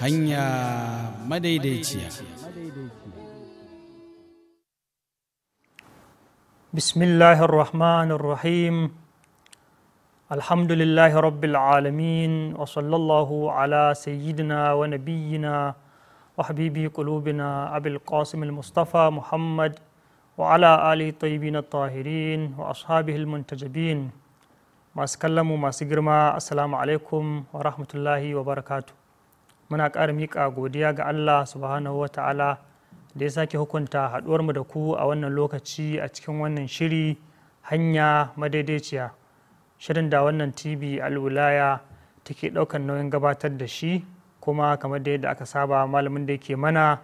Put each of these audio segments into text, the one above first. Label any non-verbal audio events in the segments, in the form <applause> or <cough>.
hanya madaidaiciya bismillahir rahmanir rahim alhamdulillahi rabbil alamin wa sallallahu ala sayyidina wa nabiyyina wa habibi qulubina abil qasim al mustafa muhammad wa ala ali tayyibin at tahirin wa ashabihi al muntajibin masu kallon masu girma assalamu alaikum wa rahmatullahi wa barakatuh muna ƙara miƙa godiya ga allah subhanahu wa ta'ala da ya sake hukunta haɗuwar mu da ku a wannan lokaci a cikin wannan shiri hanya madaidaiciya shirin da wannan tv alwulaya take ɗaukar nauyin gabatar da shi kuma kamar da yadda aka saba malamin da yake mana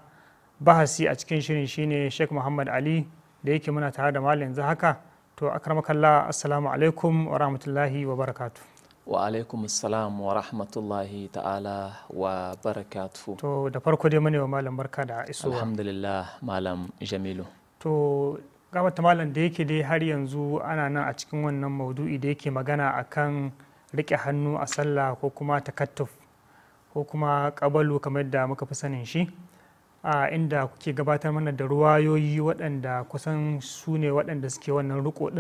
bahasi a cikin shirin shine sheikh muhammad ali da yake muna tare da malam yanzu haka to akramakallah assalamu alaikum wa rahmatullahi wa barakatuh wa alaikum salam wa rahmatullahi ta'ala wa barakatuhu to da farko dai mune wa malam barka da isuwa alhamdulillah malam jamilu to gabata malam da yake dai har yanzu ana nan a cikin wannan maudu'i da yake magana akan rike hannu a sallah ko kuma takattuf ko kuma kabalu kamar yadda muka fi sanin shi a inda kuke gabatar mana da ruwayoyi waɗanda kusan su ne waɗanda suke wannan riko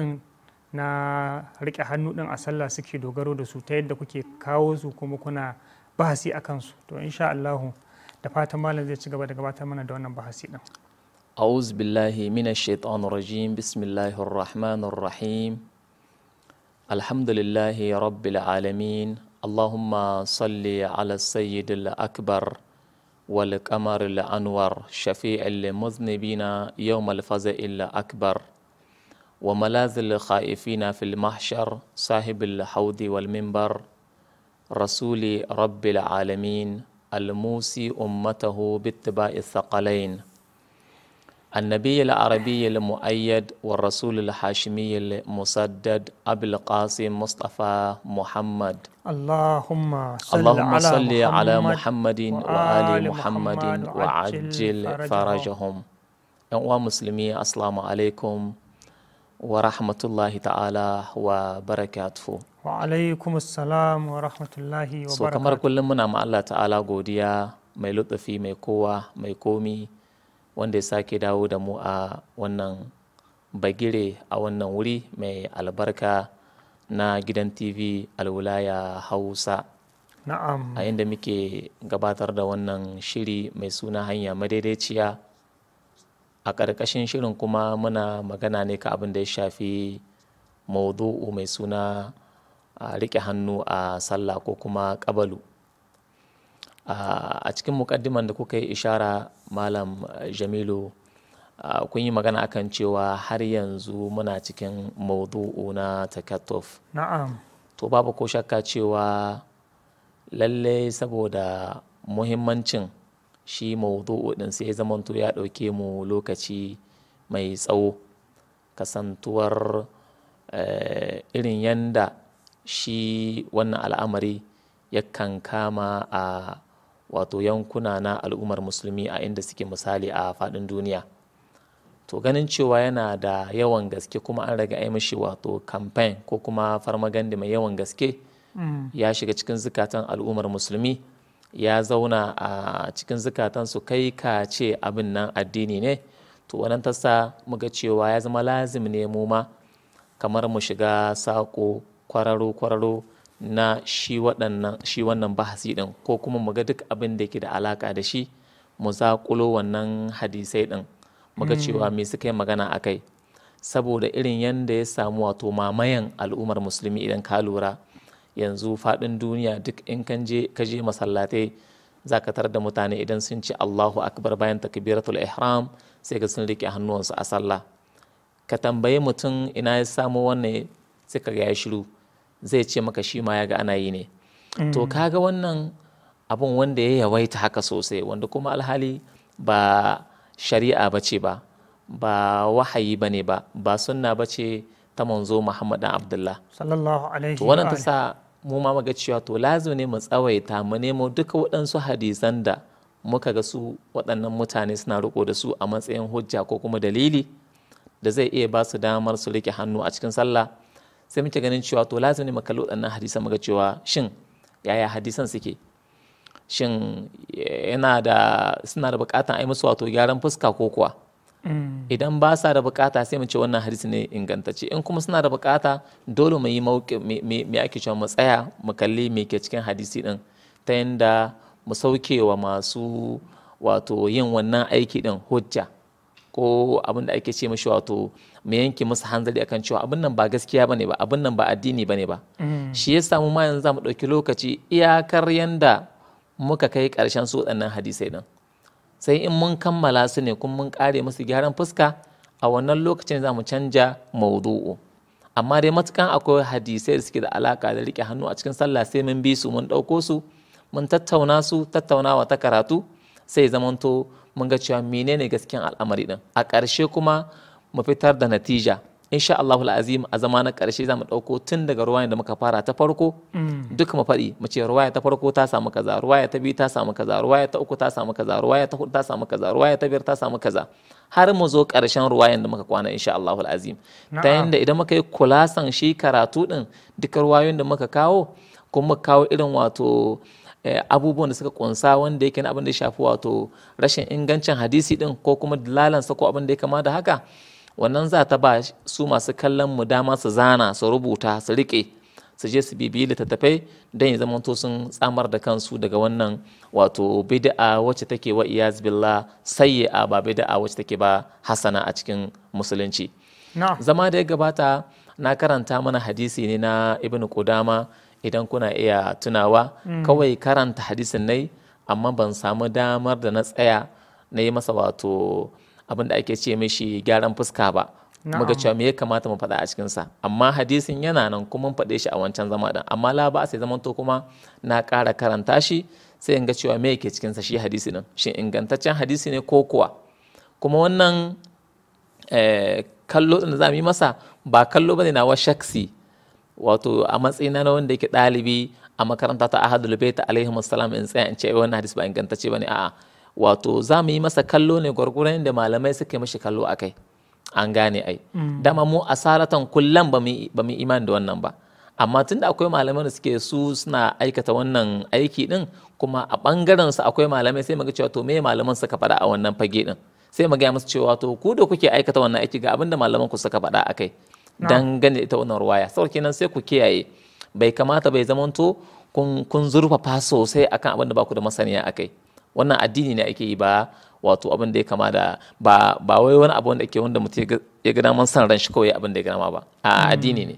na rike hannu din a sallah suke dogaro da su ta yadda kuke kawo su kuma kuna bahasi akan su to insha Allah da fatan malam zai ci gaba da gabatar mana da wannan bahasi din أعوذ بالله من الشيطان الرجيم بسم الله الرحمن الرحيم الحمد لله رب العالمين اللهم صل على السيد الأكبر والقمر الأنور شفيع المذنبين يوم الفزع الأكبر وملاذ الخائفين في المحشر صاحب الحوض والمنبر رسول رب العالمين الموسي أمته باتباع الثقلين النبي العربي المؤيد والرسول الحاشمي المسدد أبي القاسم مصطفى محمد اللهم صل, اللهم صل على, محمد, محمد وآل محمد, محمد وعجل فرجهم أنواع مسلمي السلام عليكم wa rahmatullahi ta'ala wa barakatuhu wa alaikum assalam wa rahmatullahi wa barakatuhu so kamar kullum muna ma Allah ta'ala godiya mai lutsafi mai kowa mai komi wanda ya sake dawo da mu a wannan bagire a wannan wuri mai albarka na gidan tv alwulaya hausa na'am a inda muke gabatar da wannan shiri mai suna hanya madaidaiciya a ƙarƙashin shirin kuma muna magana ne ka abin da ya shafi maudu'u mai suna a riƙe hannu a sallah ko kuma ƙabalu a cikin mukaddiman da kuka yi ishara malam jamilu kun yi magana akan cewa har yanzu muna cikin maudu'u na takatof to babu ko shakka cewa lallai saboda muhimmancin shi maudu'u ɗin sai zamanto ya ɗauke mu lokaci mai tsawo kasantuwar eh, irin yanda shi wannan al'amari yakan kama a wato yankuna na al'ummar musulmi a inda suke misali a faɗin duniya to ganin cewa yana da yawan gaske kuma an raga ai mashi wato campaign ko kuma farmagandi mai yawan gaske mm. ya shiga cikin zukatan al'ummar musulmi ya zauna a cikin zukatansu kai ka ce abin nan addini ne to wannan ta sa muga cewa ya zama lazim ne mu ma kamar mu shiga saƙo kwararo-kwararo na shi wannan bahasi ɗin ko kuma muga duk abin da ke da alaka da shi mu zaƙulo wannan hadisai ɗin muga cewa mm. me suka yi magana a kai saboda irin yanda ya samu wato mamayan al'ummar musulmi idan ka lura yanzu faɗin duniya duk in kan je ka je masallatai zakatar da mutane idan sun ci Allahu akbar bayan takbiratul ihram sai ga sun rike hannuwansu a sallah ka tambayi mutum ina ya samu wannan sai ka ya shiru zai ce maka shi ma ya ga ana yi ne to mm. kaga wannan abun wanda ya yawaita haka sosai wanda kuma alhali ba shari'a ba ce ba ba wahayi ba ne ba ba sunna ba ce ta manzo Muhammad Abdullah sallallahu alaihi wa wannan ta sa mu ma muga cewa to lazo ne mu tsawaita mu nemo duka waɗansu hadisan da muka ga su waɗannan mutane suna riko da su a matsayin hujja ko kuma dalili da zai iya ba su damar su rike hannu a cikin sallah sai muke ganin cewa to lazim ne mu kalli waɗannan hadisan muga cewa shin yaya hadisan suke shin eh, yana da suna da bukatan yi musu wato gyaran fuska ko kuwa Mm. idan ba sa da bukata sai mu ce wannan hadisi ne ingantacce in kuma suna da bukata dole mu yi me ake cewa mu tsaya mu kalli me ke cikin hadisi din ta yanda mu sauke wa masu wato yin wannan aiki din hujja ko abin da ake ce mashi wato mu yanke musu hanzari akan cewa abin nan ba gaskiya bane ba abin nan ba addini bane ba mm. shi ya samu ma yanzu za mu ɗauki lokaci iyakar yanda muka kai ƙarshen su waɗannan hadisai din sai in mun kammala su ne kuma mun kare musu gyaran fuska a wannan lokacin za mu canja maudu'u amma dai matukan akwai hadisai da suke da alaka da rike hannu a cikin sallah sai mun bi su mun ɗauko su mun tattauna su tattaunawa ta karatu sai zamanto mun ga cewa menene gaskiyan al'amari din a ƙarshe kuma mu fitar da natija insha Allahu azim a zama na za mu ɗauko tun daga ruwaya da muka fara ta farko mm. duk mu faɗi mu ce ruwaya ta farko ta samu kaza ruwaya ta biyu ta samu kaza ruwaya ta uku ta samu kaza ruwaya ta hudu ta samu kaza ruwaya ta biyar ta samu kaza har mu zo karshen ruwayan da muka kwana insha Allahu azim ta yanda idan muka yi kulasan shi karatu din duka ruwayoyin da muka kawo kuma kawo irin wato eh, abubuwan da suka kunsa wanda yake na abin da ya shafi wato rashin ingancin hadisi din ko kuma dalalansa ko abin da ya kama da haka wannan za ta ba su masu kallon mu dama su zana su rubuta su riƙe su je su bibiyi littattafai don ya zamanto sun tsamar da kansu daga wannan wato bid'a wacce take wa iyaz billah a ba bid'a wacce take ba hasana a cikin musulunci zama da ya gabata na karanta mana hadisi ne na ibn kudama idan kuna iya tunawa mm. kawai karanta hadisin nai amma ban samu damar da na tsaya na yi masa wato abin da ake ce mishi gyaran fuska ba muga cewa me ya kamata mu faɗa a cikin sa amma hadisin yana nan kuma mun faɗe shi a wancan zama din amma la ba sai zamanto kuma na ƙara karanta shi sai in ga cewa me yake cikin sa shi hadisi nan shin ingantaccen hadisi ne ko kuwa kuma wannan eh, kallo din da za yi masa ba kallo bane na wa shaksi wato a matsayina na wanda yake ɗalibi a makaranta ta ahadul bait alaihi in tsaya in ce wannan hadisi ba ingantacce bane a'a wato za mu yi masa kallo ne gwargwaron da malamai suke mashi kallo a kai an gane ai mm. dama mu asaratan kullum ba mu iman da wannan ba amma tun da akwai malamai da suke su suna aikata wannan aiki din kuma a bangaren su akwai malamai sai muga cewa to me malaman suka faɗa a wannan fage din sai mu gaya musu cewa to ku da kuke aikata wannan aiki ga abinda malaman ku suka faɗa akai dan gane ita wannan ruwaya saboda kenan sai ku kiyaye bai kamata bai zamanto kun zurfafa sosai akan abin da ba ku da masaniya a kai. wannan addini ne ake yi ba wato abin da ya kama da ba wai wani abu wanda ake wanda mutum ya ga daman san ran shi kawai abin da ya gama ba a hmm. addini ne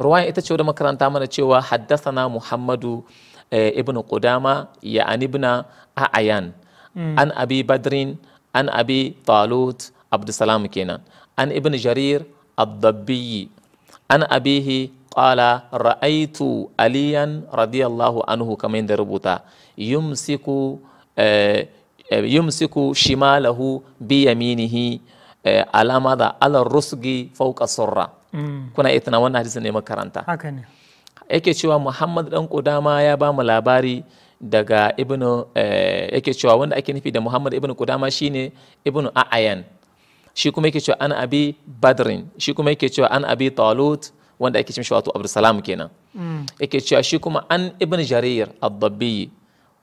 ruwayan ita ce da makaranta mana cewa haddasana muhammadu eh, ibn qudama ya anibna a'ayan hmm. an abi badrin an abi talut abdusalam kenan an ibn jarir abdabbiyi an abihi qala ra'aitu aliyan radiyallahu anhu kamar yadda rubuta yumsiku eh, eh, yumsiku shimalahu bi yaminihi eh, alama mm. da alar rusgi fauka surra kuna itina wannan hadisi ne makaranta haka ne yake cewa muhammad dan kudama ya ba mu labari daga ibnu yake cewa wanda ake nufi da muhammad ibnu kudama shine ibnu a'ayan shi kuma yake cewa an abi badrin shi kuma yake cewa an abi talut wanda ake cewa wato abdulsalam kenan mm. yake cewa shi kuma an ibnu jarir ad-dabbi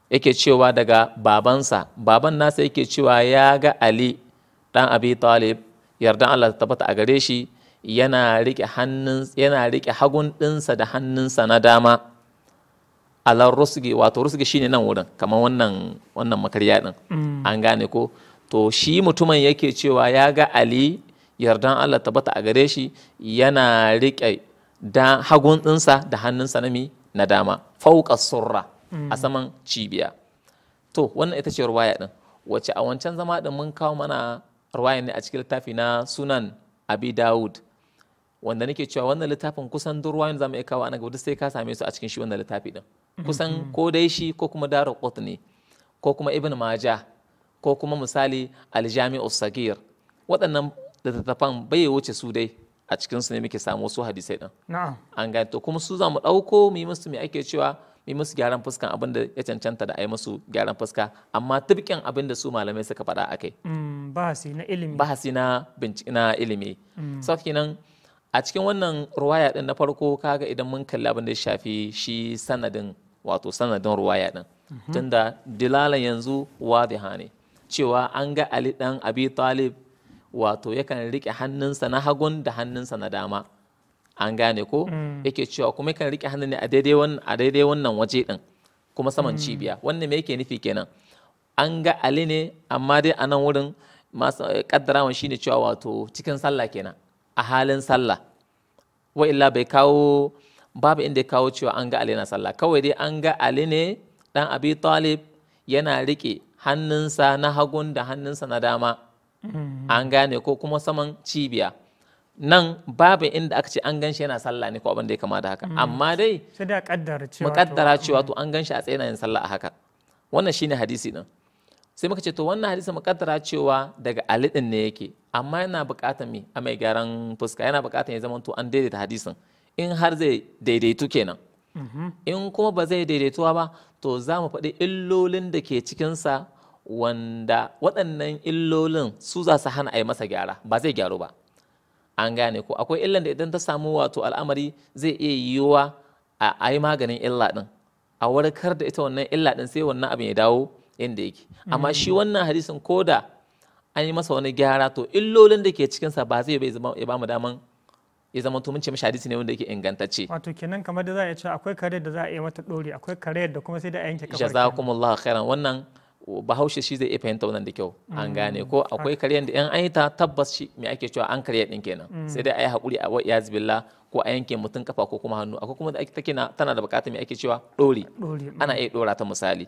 yake cewa daga babansa baban nasa yake cewa ya ga ali dan abi talib yardan allah tabbata a gare shi yana rike yana hagun ɗinsa da hannunsa na dama alar rusgi wato rusgi shine nan wurin kamar wannan wannan makarya din mm. an gane ko to shi mutumin yake cewa ya ga ali yardan allah tabbata a gare shi yana rike da hagun ɗinsa da hannunsa na mi na dama fauka surra a saman cibiya to wannan ita ce ruwaya din wacce a wancan zama din mun kawo mana ruwaya ne a cikin littafi na sunan abi dawud wanda nake cewa wannan littafin kusan duk ruwayan zamu iya kawo ana gaba sai ka same su a cikin shi wannan littafi din kusan mm-hmm. ko dai shi ko kuma daru ne ko kuma ibn majah ko kuma misali aljami'u sagir waɗannan littattafan bai wuce su dai a cikin su ne muke samu su hadisai din na'am an ga to kuma su zamu ɗauko mu yi musu me ake cewa yi musu gyaran fuskan abin da ya cancanta da a yi musu gyaran fuska amma tubkin abin da su malamai suka faɗa a kai. Mm, bahasi na ilimi bahasi na na ilimi mm. sau nan a cikin wannan ruwaya din na farko kaga idan mun kalli abin da ya shafi shi sanadin wato sanadin ruwaya din mhm. tunda dilala yanzu wadiha ne cewa an ga ali dan abi talib wato yakan rike hannunsa na hagun da hannunsa na dama an gane ko mm. yake cewa kuma kan rike hannu ne a daidai wannan waje din kuma saman mm. cibiya wannan me yake nufi kenan an ga ali ne amma dai a nan wurin kaddarawan eh, shine cewa wato cikin sallah kenan a halin sallah wa illa bai kawo babu inda ya kawo cewa an ga ali na sallah kawai dai an ga ali ne dan abi talib yana rike hannunsa na hagun da hannunsa na dama mm. an gane ko kuma saman cibiya nan babu inda aka ce an gan shi yana sallah ne ko abin da ya kama da haka hmm. amma dai mu kaddara hmm. cewa to an gan shi a tsaye yin sallah a haka wannan shine hadisi din sai muka ce to wannan hadisi mu kaddara cewa daga alidin ne yake amma yana buƙatar mi a mai gyaran fuska yana buƙatar ya zama to an daidaita hadisin in har zai daidaitu kenan mm-hmm. in kuma ba zai daidaituwa ba to za mu faɗi illolin da ke cikinsa wanda waɗannan illolin su za su hana a yi masa gyara ba zai gyaru ba an gane ko akwai illan da idan ta samu wato al'amari zai iya yiwuwa a ayi maganin illa din a warkar da ita wannan illa din sai wannan abin ya dawo inda yake amma shi wannan hadisin koda an yi masa wani gyara to illolin da ke cikinsa ba zai ya ba mu daman ya zama to mun ce mishi hadisi ne wanda yake ingantacce wato kenan kamar da za a ce akwai kare da za a yi mata dori akwai kare da kuma sai da a yanke kafar jazakumullahu khairan wannan bahaushe shi zai iya fahimta wannan da kyau an mm. gane ko akwai karyar da yan an yi ta tabbas shi me ake cewa an karya din kenan mm. sai dai a yi haƙuri a wa zibilla ko a yanke mutum kafa ko kuma hannu akwai kuma da ake take tana da bukata me ake cewa ɗori mm. ana iya dora ta misali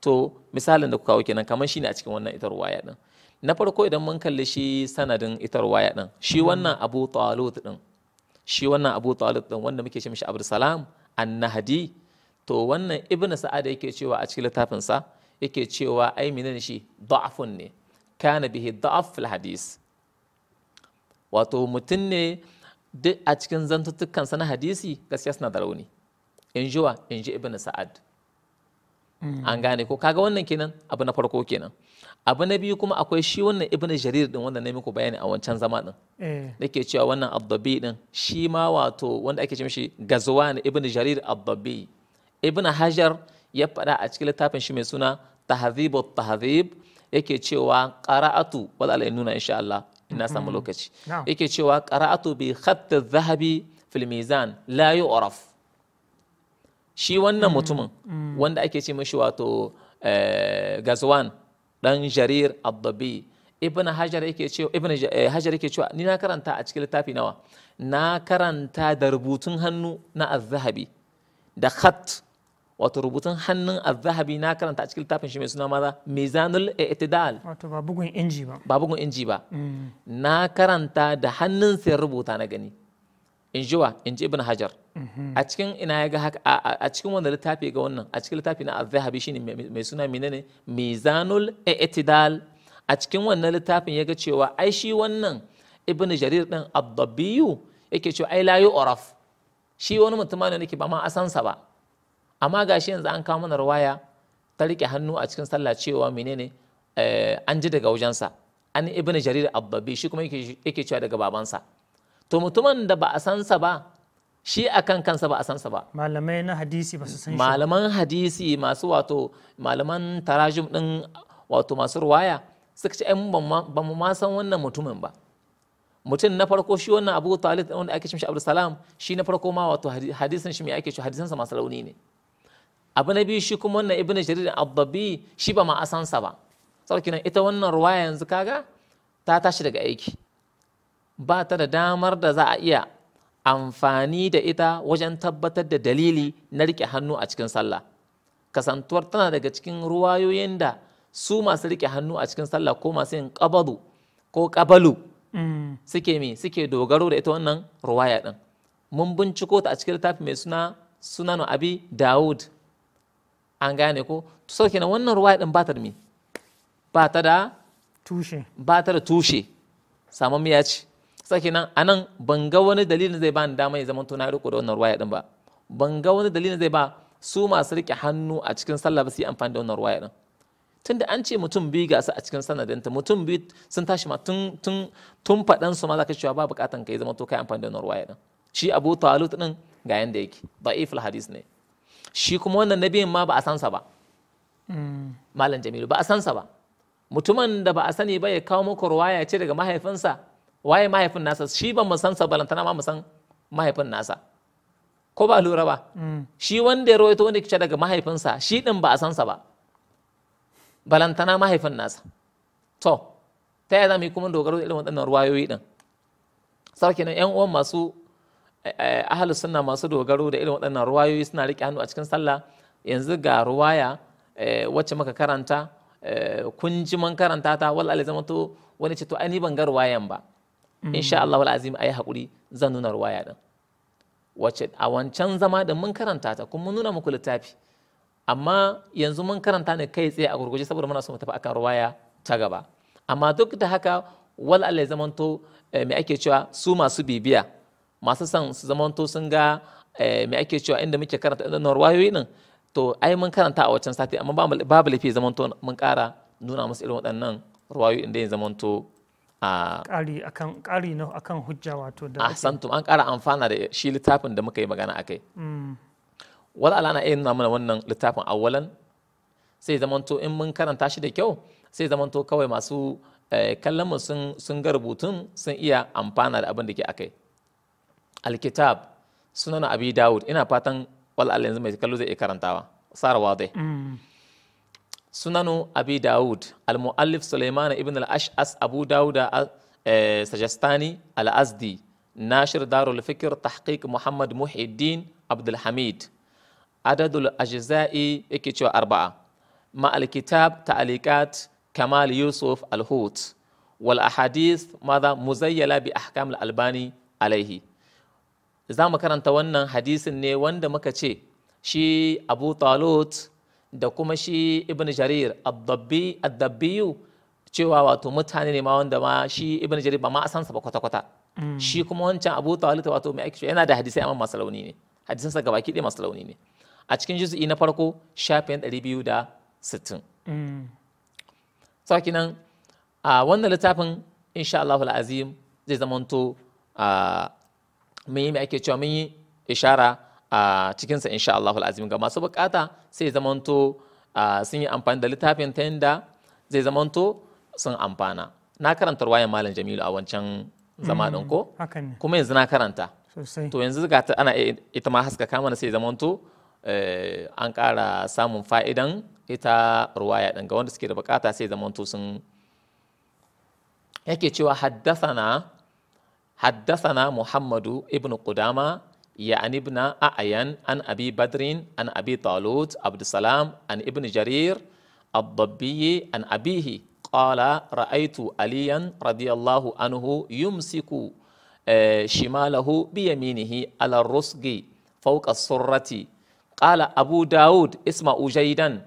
to misalin da ku kawo kenan kamar shine a cikin wannan itar waya din na farko idan mun kalli shi sanadin itar waya din shi wannan Abu Talut din shi wannan Abu Talut din wanda muke ce mishi Abdul Salam an to wannan Ibn Sa'ad yake cewa a cikin littafin sa yake cewa ai menene shi da'afun ne kana bihi da'af fil hadis wato mutum ne duk a cikin zantuttukan sana hadisi gaskiya suna da rauni in ji wa in ji ibn sa'ad hmm. an gane ko kaga wannan kenan abu na farko kenan abu na biyu kuma akwai shi wannan ibn jarir din wanda na muku bayani a wancan zama din nake eh. cewa wannan addabi din shi ma wato wanda ake ce mishi gazuwan ibn jarir addabi ibn hajar ya faɗa a cikin littafin shi mai suna tahzibu tahzib yake cewa qara'atu wala la nuna insha Allah ina samu lokaci yake cewa qara'atu bi khatt zahabi fil mizan la yu'raf shi wannan mutumin wanda ake ce mashi wato gazwan dan jarir ad ibn hajar yake cewa ibn hajar yake cewa ni na karanta a cikin littafi nawa na karanta da rubutun hannu na az-zahabi da khat wato rubutun hannun azzahabi na karanta a cikin littafin shi mai suna maza mizanul i'tidal wato ba bugun inji ba ba bugun inji ba mm. na karanta da hannun sai rubuta na gani in jiwa in ji ibn hajar mm-hmm. a cikin ina ya ga haka a cikin wanda littafi ga wannan a cikin littafi na azzahabi shine mai suna menene mizanul i'tidal a cikin wannan littafin ya ga cewa ai shi wannan ibn jarir din abdabiyu yake cewa ai la yu'raf shi wani mutum ne nake ba ma asansa ba amma ga shi yanzu an kawo mana ruwaya ta rike hannu a cikin sallah cewa menene eh, an ji daga wajensa an ibn jarir abbabi shi kuma yake cewa daga babansa to mutumin da ba a san sa ba shi akan kansa ba a san sa ba malamai na hadisi ba su san shi malaman hadisi masu wato malaman tarajum din wato masu ruwaya suka ce ba mu ma san wannan mutumin ba mutum na farko shi wannan abu talib wanda ake cin shi abdul salam shi na farko ma wato hadisin shi mai ake cewa hadisansa masu rauni ne abu na biyu shi kuma wannan ibn jarir abdabi shi ba ma sansa ba sarki nan ita wannan ruwa yanzu kaga ta tashi daga aiki ba ta da damar da za a iya amfani da ita wajen tabbatar da dalili na rike hannu a cikin sallah kasantuwar tana daga cikin ruwayoyin da su masu rike hannu a cikin sallah ko masu yin ƙabalu ko ƙabalu mm. suke mi suke dogaro da ita wannan ruwaya din mun binciko ta a cikin littafi mai suna sunanu abi dawud an gane ko sauke na wannan ruwa din ba ta da tushe ba ta da tushe samun miya ce sauke nan a nan ban ga wani dalilin zai ba ni dama ya zama tunari ko da wannan ruwaya din ba ban ga wani dalilin zai ba su masu rike hannu a cikin sallah ba su yi amfani da wannan ruwaya din tunda an ce mutum biyu ga su a cikin sanadinta mutum biyu sun tashi ma tun tun tun faɗan su ma zaka cewa ba bukatan ka yi zama to kai amfani da wannan ruwaya din shi Abu Talut din ga yanda yake da'iful hadis ne shi kuma wannan nabiyin ma ba a sansa ba malam jamilu ba a sansa ba mutumin da ba a sani ba ya kawo muku ruwaya ce daga mahaifinsa waye mahaifin nasa shi ban mu sansa balantana ma mu san mahaifin nasa ko ba lura ba shi wanda ya rawaito wanda kice daga mahaifinsa shi din ba a sansa ba balantana mahaifin nasa to ta yaya za mu yi kuma dogaro da irin waɗannan ruwayoyi din sarki nan yan uwan masu Eh, ahalus sunna masu dogaro da irin waɗannan ruwayoyi suna riƙe hannu a cikin sallah yanzu ga ruwaya eh, wacce muka karanta eh, kun ji man karanta ta wal alai zama to wani ce to ai ni ban ga ruwayan ba mm. insha Allah wal azim ayi hakuri zan nuna ruwaya din wacce a wancan zama da mun karanta ta kuma mun nuna muku littafi amma yanzu mun karanta ne kai tsaye a gurguje saboda muna so mu tafi akan ruwaya ta gaba amma duk da haka wal alai zamanto me ake cewa su masu bibiya masu son su zamanto sun ga eh, me ake cewa inda muke karanta inda wayoyi nan to ai mun karanta a wancan sati amma babu lafi zamanto mun kara nuna musu irin waɗannan ruwayoyi inda ya zamanto a ƙari akan ƙari na akan hujja wato da ahsantum an ƙara amfana da shi littafin da muka yi magana akai mm. wala alana iya nuna mana wannan littafin awwalan sai zamanto in mun karanta shi da kyau sai zamanto kawai masu eh, kallon mu sun ga rubutun sun iya amfana da abin da ke akai الكتاب سنن ابي داود انا fatan والله yanzu mai kallo zai iya صار واضح سنن ابي داود المؤلف سليمان ابن suleiman ibn al ashas abu daud ناشر دار الفكر تحقيق محمد محي الدين عبد الحميد عدد الأجزاء إكتشو أربعة مع الكتاب تعليقات كمال يوسف الهوت والأحاديث ماذا مزيلة بأحكام الألباني عليه za mu karanta wannan hadisin ne wanda muka ce shi abu talut da kuma shi ibn jarir addabbiyu cewa wato mutane ne ma wanda ma shi ibn jarir ba ma sa ba kwata-kwata mm. shi kuma wancan abu talut wato mai aiki yana da hadisai amma masu launi ne hadisan sa gabaki ɗaya masu launi ne a cikin juz'i na farko shafin da sittin mm. sauki nan a wannan littafin insha Allahul azim zai zamanto a mun yi mai ake cewa mun yi ishara a cikinsa insha Allah azim ga masu bukata sai zamanto sun yi amfani da littafin ta yadda zai zamanto sun amfana na karanta ruwayan malam jamilu a wancan zama ɗin mm, ko kuma yanzu na karanta to yanzu ga ana ita ma haskaka mana sai zamanto eh, an kara samun fa'idan ita ruwaya ɗin ga wanda suke da bukata sai zamanto sun yake cewa haddasa na حدثنا محمد ابن قدامة يعني ابن أعين عن أبي بدر عن أبي طالوت عبد السلام عن ابن جرير الضبي عن أبيه قال رأيت عليا رضي الله عنه يمسك آه، شماله بيمينه على الرسق فوق السرة قال أبو داود اسمعوا جيدا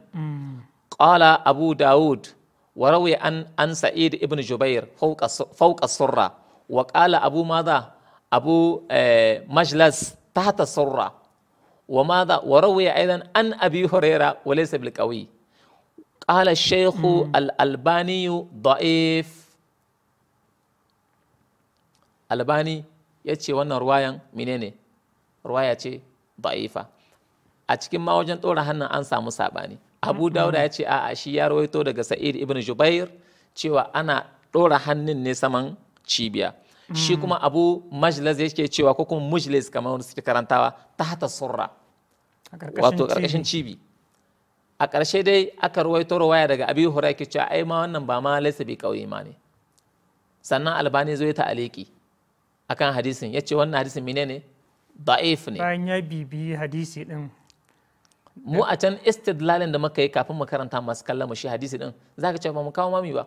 قال أبو داود وروي عن عن سعيد ابن جبير فوق فوق السرة wa ƙala abu maza abu eh, majlas tahta surra wa maza wa rawiya aidan an abi huraira wa laysa bil qawi qala hmm. albani da'if albani yace wannan ruwayan menene ruwaya ce da'ifa a cikin ma wajen ɗora hannun an samu saɓani abu hmm. dauda ya ce a'a shi ya rawaito daga sa'id ibn Zubair cewa ana ɗora hannun ne saman cibiya shi hmm. kuma abu majlis yake cewa ko kuma mujlis kamar wani suke karantawa ta hata surra wato karkashin cibi a ƙarshe dai aka ruwaito ruwaya daga abi hura yake cewa ai ma wannan ba ma laisa bi kauye ma ne sannan albani zai ta aliki akan hadisin ya ce wannan hadisin mine ne da'if ne bayan ya bibi hadisi din mu a can istidlalin da muka yi kafin mu karanta masu kallon mu shi hadisi din zaka ce ba mu kawo mami ba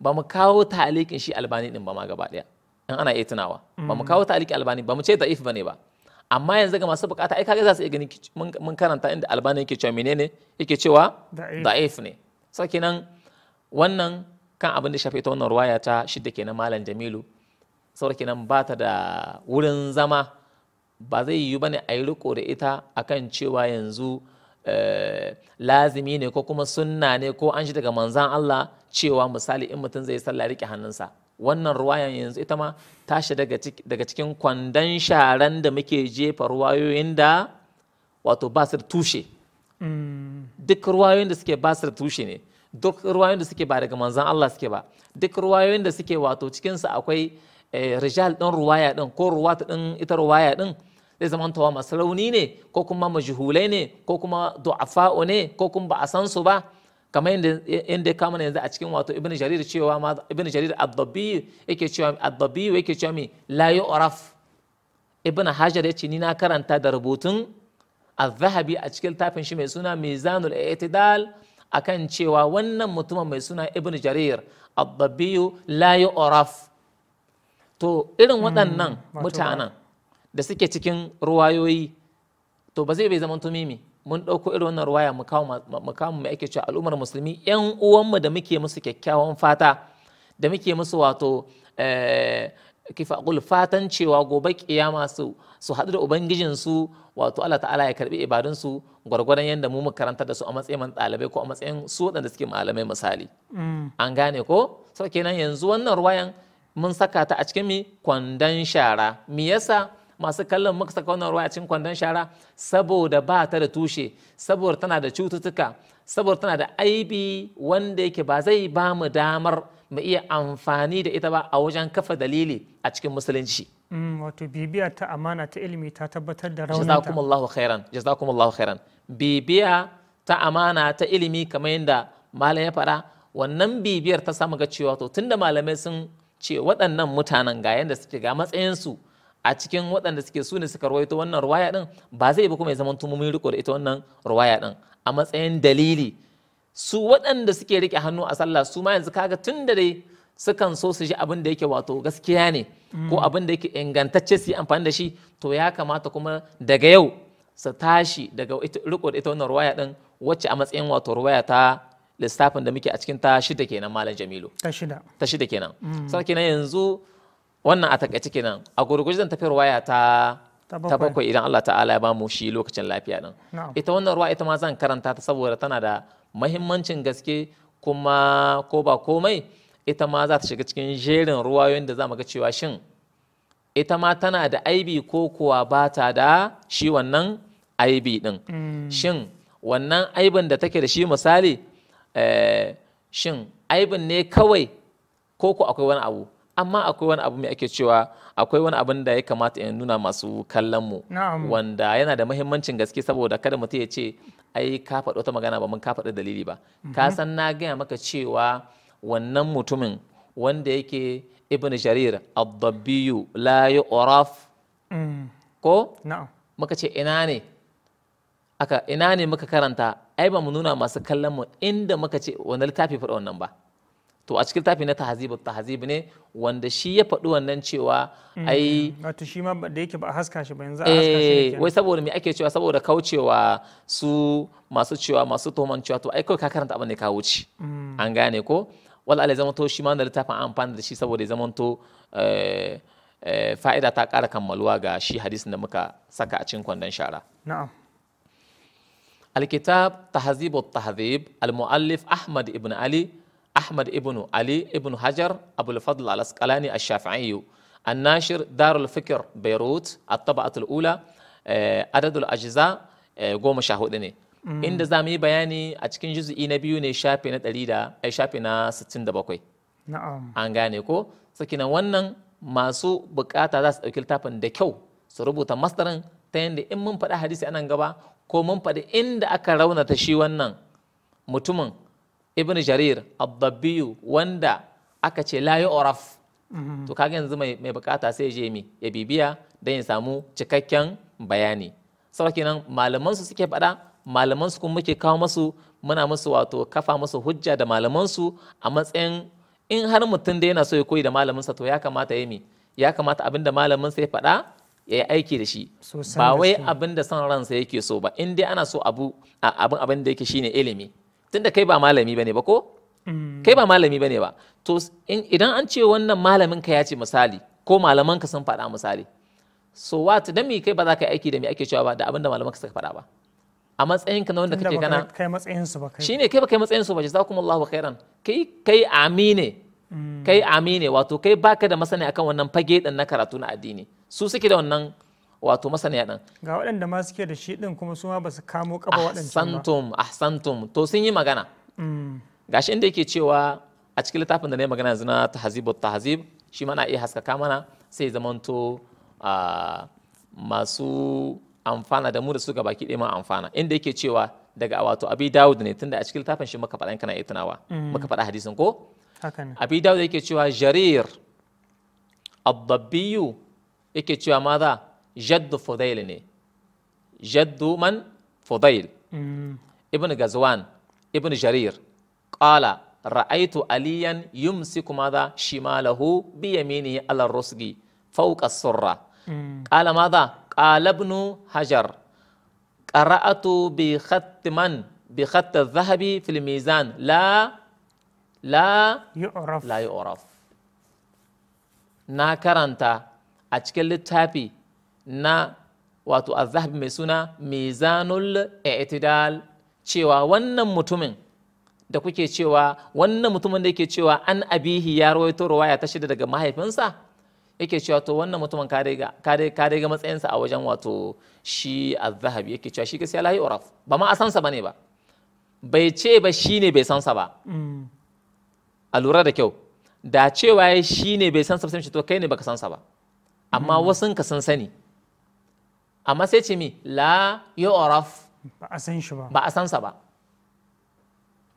ba mu kawo talikin shi albani din ba ma gaba daya in ana iya tunawa ba mu mm. kawo talikin albani ba mu ce da'if bane ba amma yanzu ga masu bukata ai kage za su iya gani mun karanta inda albani yake cewa menene yake cewa da'if ne nan wannan kan abin da shafe ta wannan ruwaya ta shidda kenan malam jamilu saboda nan ba ta da wurin zama ba zai yiwu bane a yi riko da ita akan cewa yanzu Eh, lazimi ne ko kuma sunna ne ko an shi daga manzan Allah cewa misali in mutum zai sallah rike hannunsa wannan ruwayan yanzu ita ma tashi daga cikin kwandon sharan da muke jefa ruwayoyin da wato ba tushe hmm. duk ruwayoyin da suke ba tushe ne duk ruwayoyin da suke ba daga manzan Allah suke ba duk ruwayoyin da suke wato cikinsa akwai eh, rijal ɗin ruwaya ɗin ko ruwata ɗin ita ruwaya ɗin zai zama tawa masu rauni ne ko kuma majhulai ne ko kuma du'afa'u ne ko kuma ba a san su ba kamar yadda ya kama yanzu a cikin wato ibn jarir cewa ma ibn jarir addabi yake cewa addabi yake cewa mi la yu'raf ibn hajar yace ni na karanta da rubutun az-zahabi a cikin tafin shi mai suna mizanul i'tidal akan cewa wannan mutumin mai suna ibn jarir addabi la yu'raf to irin waɗannan hmm, mutanen da suke cikin ruwayoyi to ba zai bai zama tumimi mun ɗauko irin wannan ruwaya mu kawo mu ake cewa al'ummar musulmi yan uwanmu da muke musu kyakkyawan fata da muke musu wato eh, kifakul fatan cewa gobe kiyama su su haɗu da ubangijin su wato Allah ta'ala ya karɓi ibadun su yadda mu karanta da su a matsayin ɗalibai ko a matsayin su waɗanda suke malamai misali mm. an gane ko sau kenan yanzu wannan ruwayan mun saka ta a cikin mi kwandon shara me yasa masu kallon muka saka wannan ruwa a cikin kwandon shara saboda ba ta da tushe saboda tana da cututtuka saboda tana da aibi wanda yake ba zai ba mu damar mu iya amfani da ita ba a wajen kafa dalili a cikin musulunci. Mm, wato bibiya ta amana ta ilimi ta tabbatar da raunin jazakumullahu khairan jazakumullahu khairan bibiya ta amana ta ilimi kamar yadda malam ya faɗa wannan bibiyar ta samu ga cewa to tunda malamai sun ce waɗannan mutanen ga yadda suke ga matsayin su a cikin waɗanda suke su ne suka rawaito wannan ruwaya din ba zai ba kuma ya zaman mun riko da ita wannan ruwaya din a matsayin dalili su waɗanda suke rike hannu a sallah su ma yanzu kaga tun da dai sukan so su ji abin da yake wato gaskiya ne ko mm. abin da yake ingantacce su yi amfani da shi to ya kamata kuma daga yau su tashi daga riko da ita wannan ruwaya din wacce a matsayin wato ruwaya ta lissafin da muke a cikin ta shida kenan malam jamilu ta shida kenan mm. Sarki na yanzu wannan a takaice kenan a gurguje zan tafi ruwaya ta ta bakwai idan Allah ta'ala ya bamu shi lokacin lafiya nan ita wannan ruwa ita ma zan karanta ta saboda tana da mahimmancin gaske kuma ko ba komai ita ma za ta shiga cikin jerin ruwayoyin da za mu ga cewa shin ita ma tana da aibi ko kuwa ba ta da shi wannan aibi din mm. shin wannan aibin da take da shi misali eh, shin aibin ne kawai ko ko akwai wani abu amma akwai wani abu mai ake cewa akwai wani abin da ya kamata in nuna masu kallon mu wanda yana da mahimmancin gaske saboda kada mutum ya ce ai ka faɗi wata magana ba mun ka faɗi dalili ba mhm. ka san na gaya maka cewa wannan mutumin wanda yake ibn jarir ad-dabbiyu la yu'raf mm. ko muka ce ina ne aka ina ne muka karanta ai ba mu nuna masu kallon mu inda muka ce wani littafi faɗo wannan ba to a cikin tafi na tahazib tahazib ne wanda shi ya faɗi wannan cewa mm, ai wato shi ma da yake ba a haska shi ba yanzu a haska shi eh, wai saboda me ake cewa saboda kaucewa su masu cewa masu tuhuman cewa to ai kawai ka karanta abin da ka wuce mm. an gane ko wal alai zamanto shi ma da littafin an amfani da shi saboda ya zamanto eh, eh, fa'ida ta ƙara kammaluwa ga shi hadisin da muka saka a cikin kwandon shara na'am الكتاب تهذيب التهذيب المؤلف أحمد ابن علي أحمد ابن علي ابن حجر أبو الفضل الأسقلاني الشافعي الناشر fikir الفكر بيروت الطبعة الأولى عدد الأجزاء goma sha hudu ne mm. inda za mu yi bayani a cikin juzu'i na biyu ne shafi na ɗari da eh, shafi na sittin da bakwai an gane ko sakinan wannan masu bukata za su ɗauki littafin da kyau su rubuta mastarin ta yadda in mun faɗi hadisi anan gaba ko mun faɗi inda aka raunata shi wannan mutumin ibn jarir abdabiyu wanda aka ce layi oraf to kaga yanzu mai bukata sai je mi ya bibiya don ya samu cikakken bayani saboda nan malamansu suke faɗa malamansu kuma muke kawo masu muna musu wato kafa masu hujja da malamansu a matsayin in har mutum da yana so ya koyi da malaminsa to ya kamata ya mi ya kamata abin da ya faɗa ya yi aiki da shi ba wai abin da son ransa yake so ba in dai ana so abu abin abin da yake shine ilimi tunda kai ba malami bane ba ko kai ba malami bane ba to idan an ce wannan malamin ka ya ce misali ko malaman ka sun faɗa misali so what dan me kai ba za ka yi aiki da me ake cewa ba da abin da malaman ka suka faɗa ba a matsayin ka na wanda kake kana kai matsayin su ba kai shine kai ba kai matsayin su ba Allahu khairan kai kai amine mm. kai amine wato kai baka da masani akan wannan fage din na karatu na addini su suke da wannan wato masaniya din ga waɗanda ma suke da shi din kuma su ma basu kamo kafa waɗanda Santum ahsantum Santum to sun yi magana mm. gashi inda yake cewa a cikin littafin da na yi magana yanzu na tahzibu tahzib shi mana iya haskaka mana sai zamanto masu amfana da mu da su ga baki ɗaya ma amfana inda yake cewa daga wato abi dawud ne tunda a cikin littafin shi muka faɗa kana iya tunawa mm. muka faɗa hadisin ko abi dawud yake cewa jarir abbabiyu yake cewa maza جد فضيل جد من فضيل مم. ابن غزوان ابن جرير قال رأيت عليا يمسك ماذا شماله بيمينه على الرسل فوق السرة مم. قال ماذا قال ابن حجر قرأت بخط من بخط الذهب في الميزان لا لا يعرف لا يعرف na karanta a cikin na wato azhab mai suna mizanul i'tidal cewa wannan mutumin da kuke cewa wannan mutumin da yake cewa an abihi ya rawaito ruwaya ta shida daga mahaifinsa yake cewa to wannan mutumin ka dai ga matsayinsa a wajen wato shi azhab yake cewa shi gaskiya lahi uraf ba ma a sansa bane ba bai ce ba shine bai sansa ba mm. a lura da kyau da cewa shine bai sansa ba sai to kai ne baka sansa ba amma mm. wasun ka san sani amma sai ce mi la yu'raf ba a san shi ba ba a san sa ba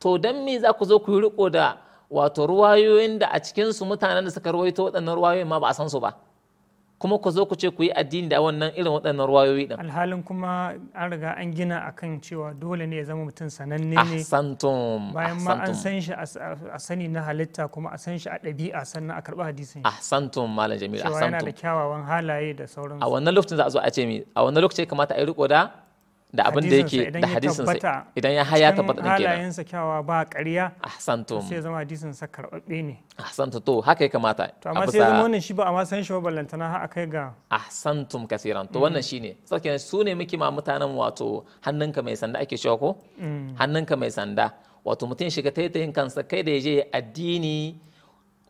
to dan me za ku zo ku yi riko da wato ruwayoyin da a cikin su mutanen da suka ruwaito waɗannan ruwayoyin ma ba a san su ba kuma ku zo ku ce ku yi addini da wannan irin waɗannan ruwayoyi ɗin. alhalin kuma an riga an gina akan cewa dole ne ya zama mutum sananne ne ahsantum bayan ma an san shi a sani na halitta kuma a san shi a ɗabi'a sannan a karɓi hadisin ahsantum malam Jamilu. ahsantum cewa yana da kyawawan halaye da sauransu a wannan lokacin za a zo a ce mi a wannan lokacin kamata a yi riko da da abin da yake da hadisin sa idan ya haya tabbata din kenan halayen sa kyawa ba ƙarya ahsantum sai zama hadisin sa karbabbe ne ahsantu to haka ya kamata to amma sai zama wannan shi ba amma san shi ba ballantana har akai ga ahsantum kasiran to wannan mm. shine sakin su ne muke ma mutanen wato hannunka mai sanda ake cewa ko mm. hannunka mai sanda wato mutum shiga taitayin kansa kai da ya je addini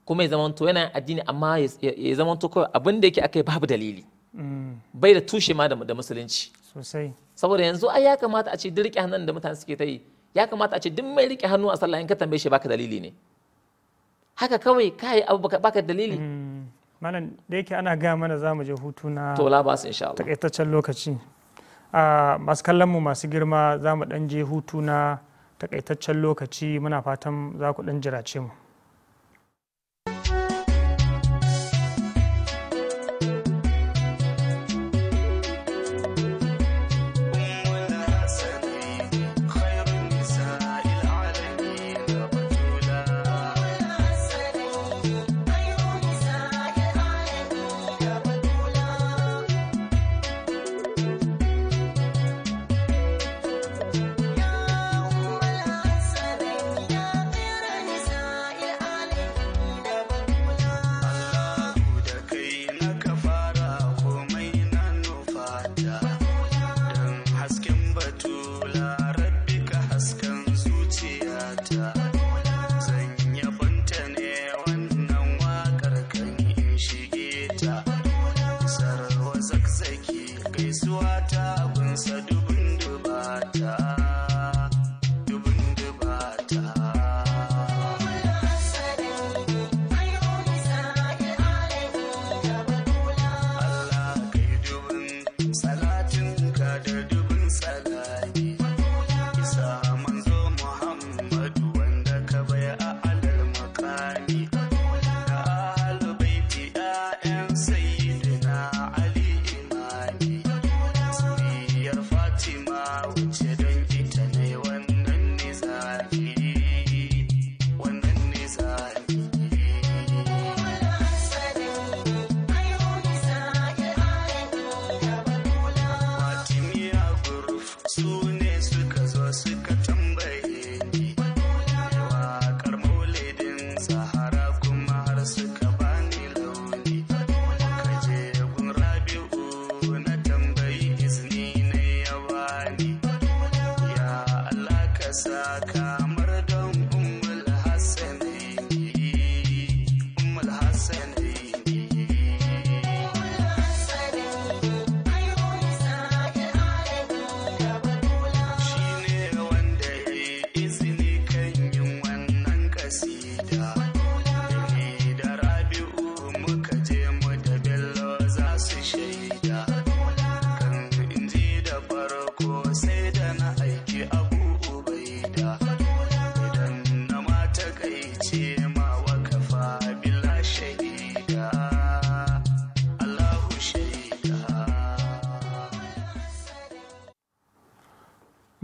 kuma ya zamanto yana addini amma ya zamanto kawai abin da yake akai babu dalili mm. bai da tushe ma da musulunci sosai saboda yanzu ai ya kamata a ce duk rike hannun da mutane suke ta yi ya kamata a ce duk mai rike hannu a sallah in ka tambaye shi baka dalili ne haka kawai kai abu baka dalili hmm, malam da yake ana gaya mana za mu je hutu na to labas insha Allah takaitaccen lokaci ah, masu kallon mu masu girma za mu dan je hutu na takaitaccen lokaci muna fatan za ku dan jirace mu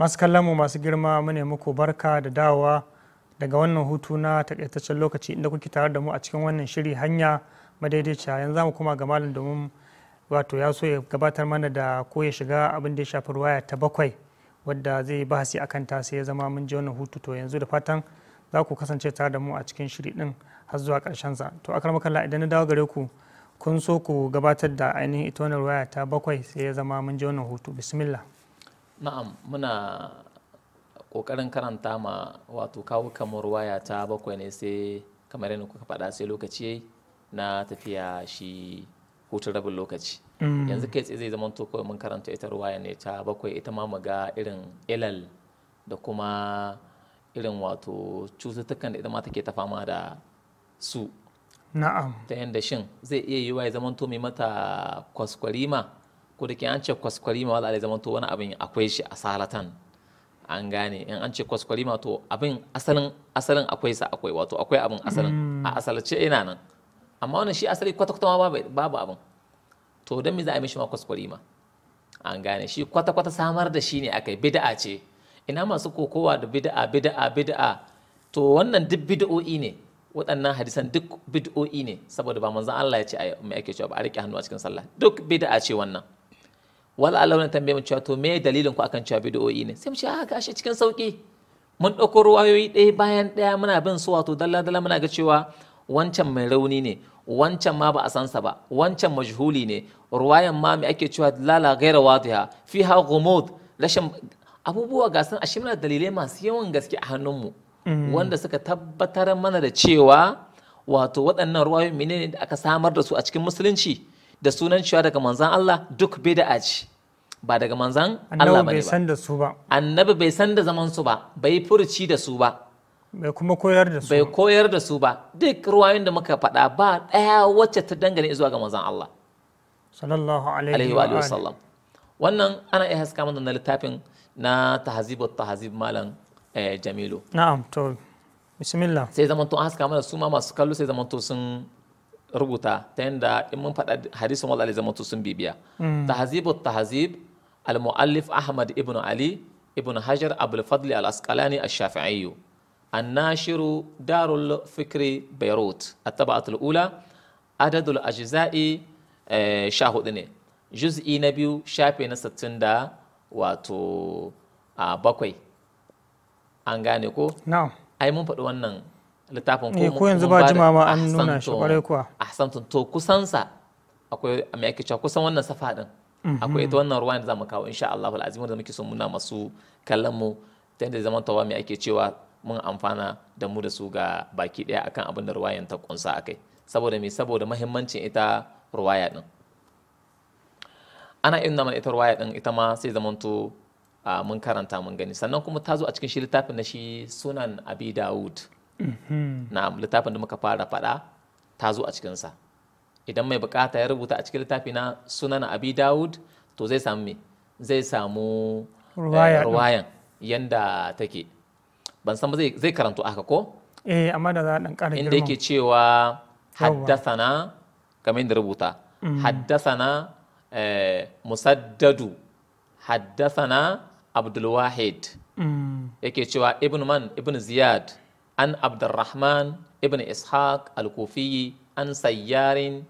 masu mu masu girma mune muku barka da dawowa daga wannan hutu na takaitaccen lokaci inda kuke tare da mu a cikin wannan shiri hanya madaidaiciya yanzu za mu kuma ga malam domin wato ya so ya gabatar mana da ko ya shiga abin da ya shafi ruwaya ta bakwai wadda zai bahasi akan ta sai ya zama mun je wannan hutu to yanzu da fatan za ku kasance tare da mu a cikin shiri din har zuwa karshen sa to akar makalla idan na dawo gare ku kun so ku gabatar da ainihin ita wannan ruwaya ta bakwai sai ya zama mun je wannan hutu bismillah na'am muna kokarin karanta ma wato kawo kamar waya ta bakwai ne sai kamar yadda kuka faɗa sai lokaci na tafiya shi hutun rabin lokaci mm. yanzu kai tsaye zai zama to kawai mun karanta ita ruwaya ne ta bakwai ita ma mu ga irin ilal da kuma irin wato cututtukan da ita ma take ta fama da su na'am ta yanda shin zai iya yiwa ya zama to mata kwaskwarima ko da ke an ce kwaskwarima wala zaman to wani abin akwai shi a salatan an gane in an ce kwaskwarima to abin asalin asalin akwai sa akwai wato akwai abin asalin a asalce ina nan amma wannan shi asali kwata-kwata ma babu abin to don me za a mishi ma kwaskwarima an gane shi kwata-kwata samar da shi ne akai bid'a ce ina masu kokowa da bid'a bid'a bid'a to wannan duk bid'o'i ne waɗannan hadisan duk bid'o'i ne saboda ba manzon Allah ya ce mai ake cewa ba a rike hannu a cikin sallah duk bid'a ce wannan wala Allah wannan tambaye mu cewa to me dalilin ku akan cewa bid'o'i ne sai mu ce a ah, gashi cikin sauki mun ɗauko ruwayoyi ɗaya bayan ɗaya muna bin su wato dalla dalla muna ga cewa wancan mai rauni ne wancan ma ba a san sa ba wancan majhuli ne ruwayan ma me ake cewa lala ghaira wadiha fiha ghumud rashin abubuwa ga sun ashe muna dalilai masu yawan gaske a hannun mu. Mm. wanda suka tabbatar mana da cewa wato waɗannan ruwayoyi menene da aka samar da su a cikin musulunci da sunan cewa daga manzan Allah duk bid'a ce ba daga manzan Allah bane ba annabi bai san da su ba annabi bai san da zaman su ba bai furci da su ba bai kuma koyar da su bai koyar da su ba duk ruwayoyin da muka faɗa ba ɗaya wacce ta dangane zuwa ga manzan Allah sallallahu alaihi wa sallam wannan ana iya haska mana na littafin na tahzibu tahzib malam eh, jamilu na'am to bismillah sai zaman an haska mana su ma masu kallo sai to sun rubuta ta yadda in mun faɗa hadisin wanda zama sun bibiya tahzibu hmm. tahzib al-mu'allif ahmad ibn ali ibn hajar abul fadli al-asqalani ash-shafi'i الناشر دار الفكر بيروت Ula, الأولى عدد ajza'i شاهد eh, ne juz'i na biyu shafe na sittin da wato ah, bakwai an gane ko? ai mun faɗi wannan littafin ko eh, ko yanzu ba jima ma an nuna shi kwarai kuwa ahsantum to kusansa akwai me yake cewa kusan wannan safa din mhm. akwai ita wannan ruwan da zamu kawo insha Allah azim da muke son muna masu kallon mu ta yadda zaman tawa me yake cewa mun amfana da mu da su ga baki daya akan abin da ruwayan ta kunsa akai saboda me saboda muhimmancin ita ruwaya din ana inda mana ita ruwaya din ita ma sai zamanto ah, mun karanta mun gani sannan kuma ta zo a cikin shi littafin na shi sunan abi daud Mm-hmm. na'am littafin da muka fara faɗa ta zo a cikinsa idan mai bukata ya rubuta a cikin littafi na sunan abi dawud to zai samu me zai samu eh, ruwayan yanda take ban san ba zai karanto haka ko eh amma da za a dan ƙara inda yake cewa haddasana kamar yadda rubuta mm-hmm. haddasana eh, musaddadu haddasana wahid mm. yake cewa ibn man ibn ziyad عن عبد الرحمن ابن إسحاق الكوفي عن سيار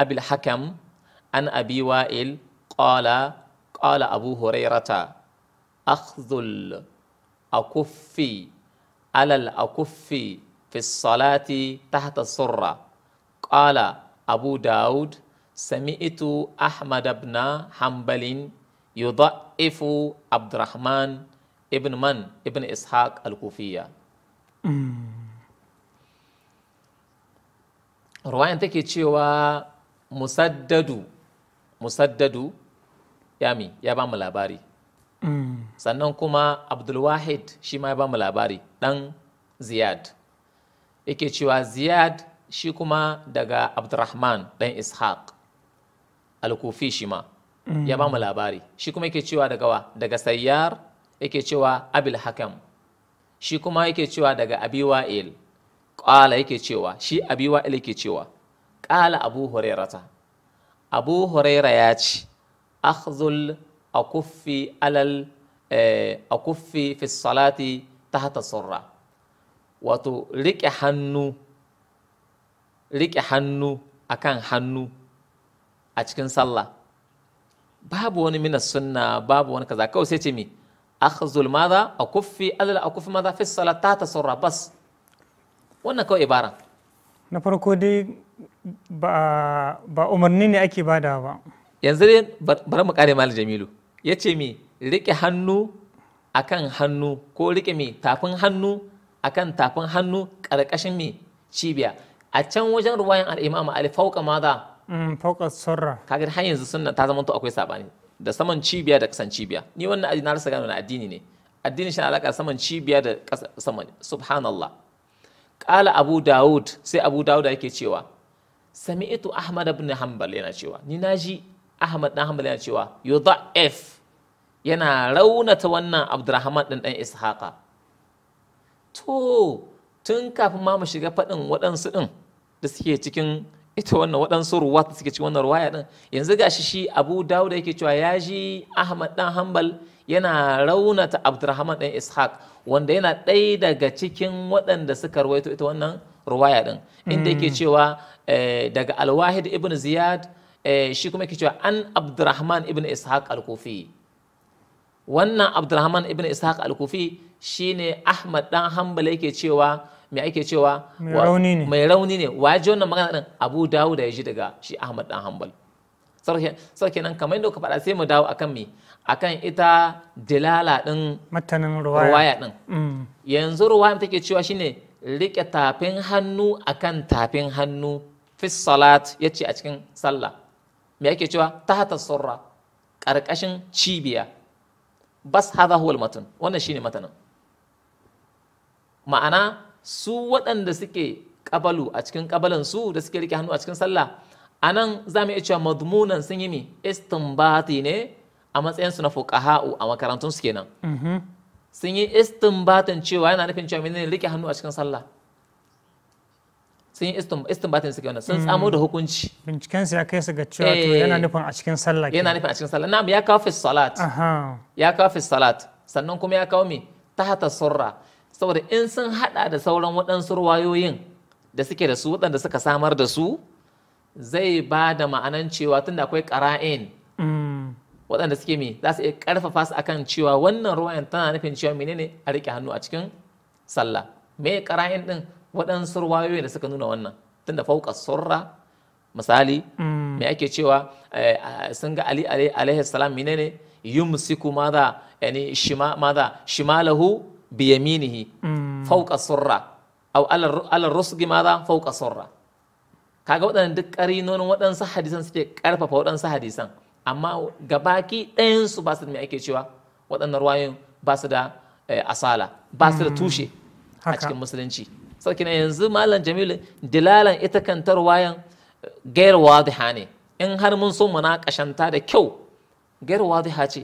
أبي الحكم عن أبي وائل قال قال أبو هريرة أخذ الأكف على الأكف في الصلاة تحت السرة قال أبو داود سمعت أحمد بن حنبل يضعف عبد الرحمن ابن من ابن إسحاق الكوفية Mm. ruwayan take cewa musaddadu musaddadu yami ya ba mu labari mm. sannan kuma abdulwahid shi ma ya ba mu labari dan ziyad yake cewa ziyad shi kuma daga abdurrahman dan ishaq alkufi shi ma ya ba mu mm. labari shi kuma yake cewa daga wa daga sayyar yake cewa abil hakam shi kuma yake cewa daga abiwa'il ƙala yake cewa shi abiwa'il yake cewa ƙala abu hurairata abu huraira ya ce akhzul kufi alal eh, a kufi fisalati ta hata surra wato riƙe hannu riƙe hannu akan hannu a cikin sallah babu wani mina sunna babu wani kaza kawai sai ce mi akhzul madha akuffi adla akuffi madha fi salat ta tasarra bas wannan kawai ibara na farko dai ba umarni ne ake bada ba yanzu dai bari mu kare mal jamilu yace me rike hannu akan hannu ko rike me tafin hannu akan tafin hannu karkashin me cibiya a can wajen ruwayan al-imam ali fauka madha mm, fauka sarra kaga har yanzu sunna ta zama to akwai sabani da saman cibiya da kasan cibiya ni wannan na rasa gano addini ne addini shi alaka saman cibiya da saman subhanallah qala abu daud sai abu daud yake cewa sami'tu ahmad ibn hanbal yana cewa ni naji ahmad dan hanbal yana cewa yudha'if yana raunata wannan abdurrahman din dan ishaqa to tun kafin ma mu shiga faɗin waɗansu ɗin da suke cikin ita wannan waɗansu ruwa ta suke ci wannan ruwaya ɗin yanzu ga shi abu da yake cewa ya ji ahmad ɗan hambal yana raunata abdurrahman dan ishaq wanda yana ɗaya daga cikin waɗanda suka ruwaito ita wannan ruwaya ɗin inda yake hmm. cewa eh, daga alwahid ibn ziyad eh, shi kuma yake cewa an abdurrahman ibn ishaq al-kufi wannan abdurrahman ibn ishaq al-kufi shine ahmad ɗan hanbal yake cewa me ake cewa mai rauni ne wa ji wannan magana din abu dawud ya ji daga shi ahmad dan hanbal sarki nan kamar yadda ka faɗa sai mu dawo akan me akan ita dilala din matanin ruwaya din mm. yanzu ruwaya take cewa shine rike tafin hannu akan tafin hannu fi salat yace a cikin sallah me ake cewa tahta surra karkashin cibiya bas hadha huwa matan wannan shine matanin ma'ana su waɗanda suke ƙabalu a cikin ƙabalan su da suke rike hannu a cikin sallah a nan za mu iya cewa madmunan sun yi mi istinbati ne a matsayinsu na fuqaha'u a makarantun su kenan mm-hmm. sun yi istinbatin cewa yana nufin cewa menene rike hannu a cikin sallah sun yi istinbatin su kenan sun tsamo mm-hmm. da hukunci binciken su ya kai su ga cewa to eh. yana nufin a cikin sallah yana nufin a cikin sallah na'am ya kawo fi salat ya kawo fi salat sannan kuma ya kawo me tahta surra saboda in sun hada da sauran waɗansu ruwayoyin da suke da su waɗanda suka samar da su zai ba da ma'anan cewa tunda akwai ƙara'in mm. waɗanda suke mi za su iya ƙarfafa su akan cewa wannan ruwayan tana nufin cewa menene a riƙe hannu a cikin sallah me ƙara'in ɗin waɗansu ruwayoyin da suka nuna wannan tunda fauka surra misali mm. me ake cewa eh, sun ga ali alaihi salam menene yumsiku maza yani shima maza shimalahu biyaminihi fauka surra au alar rusgi maza fauka surra kaga waɗannan duk ƙarinonin waɗansu hadisan suke ƙarfafa waɗansu hadisan amma gabaki ɗayansu ba su da ake cewa waɗannan ruwayoyin ba su da asala ba su da tushe a cikin musulunci sarki na yanzu malam jamilu dilalan ita kanta ruwayan gairar wadiha ne in har mun so muna kashanta da kyau gairar wadiha ce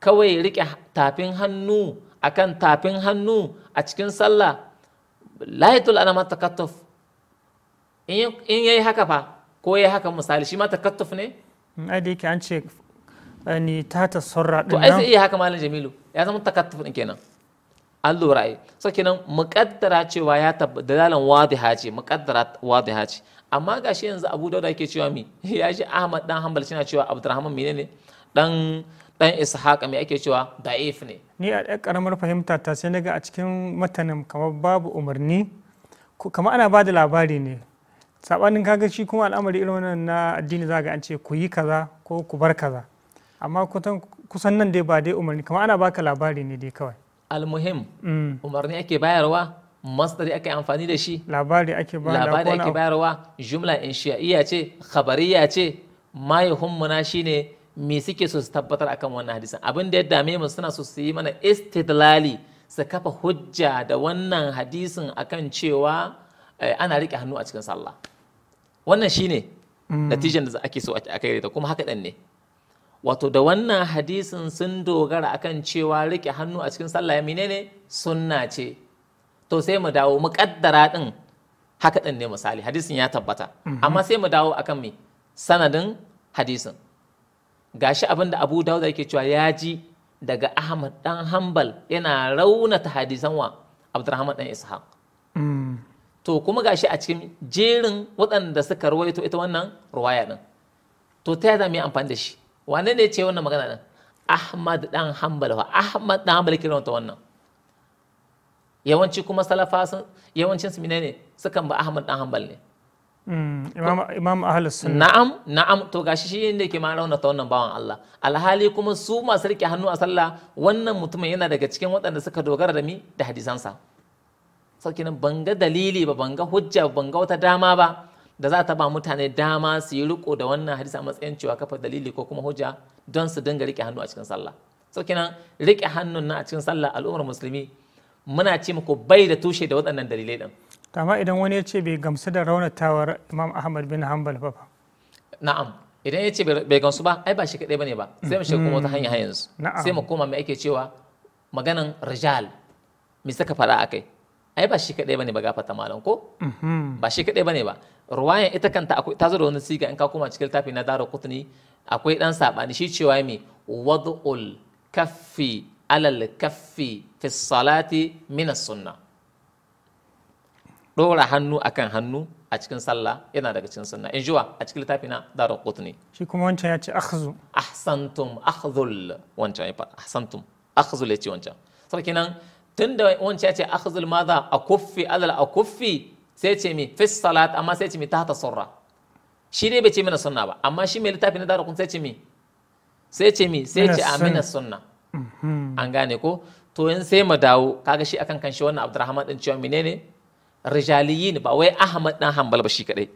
kawai riƙe tafin hannu akan tafin hannu a cikin sallah laitul anama takattuf in yayi haka fa ko yayi haka misali shi ma takattuf ne ai da yake an ce ni ta ta din to ai sai iya haka malam jamilu ya zama takattuf din kenan an lura ai so kenan muqaddara cewa ya dalalan wadiha ce muqaddara wadiha ce amma gashi yanzu Abu dauda yake cewa mi <laughs> ya ji Ahmad dan Hanbal shi na cewa Abdurrahman menene dan dan ishaq mai ake cewa da'if ne ni a ɗan ƙaramar fahimta ta sai naga a cikin matanin kamar babu umarni kamar ana ba da labari ne sabanin kaga shi kuma al'amari irin wannan na addini za ga an ce ku yi kaza ko ku bar kaza amma kusan nan dai ba dai umarni kamar ana baka labari ne dai kawai almuhim mm. umarni ake bayarwa masdari ake amfani da shi labari ake bayarwa labari ake bayarwa jumla inshiya ce khabariya ce ma yuhummuna shine me suke so su tabbatar akan wannan hadisin abin da ya dame mu suna so su yi mana istidlali su kafa hujja da wannan hadisin akan cewa eh, ana rike hannu a cikin sallah wannan shine mm. natijan da ake so a kai da kuma haka ne wato da wannan hadisin sun dogara akan cewa rike hannu a cikin sallah menene sunna ce to sai mu dawo muƙaddara din haka ne misali hadisin ya tabbata mm-hmm. amma sai mu dawo akan me sanadin hadisin gashi abin da abu dauda yake cewa ya ji daga ahmad dan hanbal yana rauna ta hadisan wa abdurrahman dan ishaq mm. to kuma gashi a cikin jerin waɗanda suka rawaito ita wannan ruwaya din to ta yadda mu yi amfani da shi wane ne ce wannan magana din ahmad dan hanbal wa ahmad dan hanbal ke ta wannan yawanci kuma salafa yawancin su ne sukan ba ahmad dan hanbal ne Mm, imam ahal sunna na'am na'am to gashi shi ne ke ma ta wannan bawan Allah alhali kuma su masu rike hannu a sallah wannan mutumin yana daga cikin waɗanda suka dogara da mi da hadisansa sauki nan banga dalili ba banga hujja banga wata dama ba da za ta ba mutane dama su yi riko da wannan hadisi a matsayin cewa kafa dalili ko kuma hujja don su dinga rike hannu a cikin sallah sauki nan rike hannun na a cikin sallah al'ummar musulmi muna ce muku bai da tushe da waɗannan dalilai din to amma idan wani ya ce bai gamsu da raunatawar imam ahmad bin hanbal ba na'am idan ya ce bai gamsu ba ai ba shi kadai bane ba sai mu shiga kuma wata hanya yanzu sai mu koma mai ake cewa maganan rijal mai saka fada akai ai ba shi kadai bane ba gafata malam ko mhm. ba shi kadai bane ba ruwayan ita kanta akwai ta zo da wani siga in ka koma cikin tafi na daro kutni akwai dan sabani shi cewa mai wad'ul kaffi alal kaffi fi salati min sunnah ɗora hannu akan hannu a cikin sallah yana daga cikin sunna in a cikin littafi na darar kutni shi kuma wancan ya ce akhzu ahsantum akhzul wancan ya ahsantum akhzul ya ce wancan sarki nan tun da wancan ya ce akhzul maza a kuffi alal a kuffi sai ce mi fis salat amma sai ce mi tahta surra shi dai bai ce mina sunna ba amma shi mai littafi na darar kutni sai ce mi sai ce mi sai ce amina sunna mhm. an gane ko to in sai mu dawo kaga shi akan kan shi wannan abdurrahman din cewa menene rijaliyin ba wai ahmad dan hanbal ba shi kadai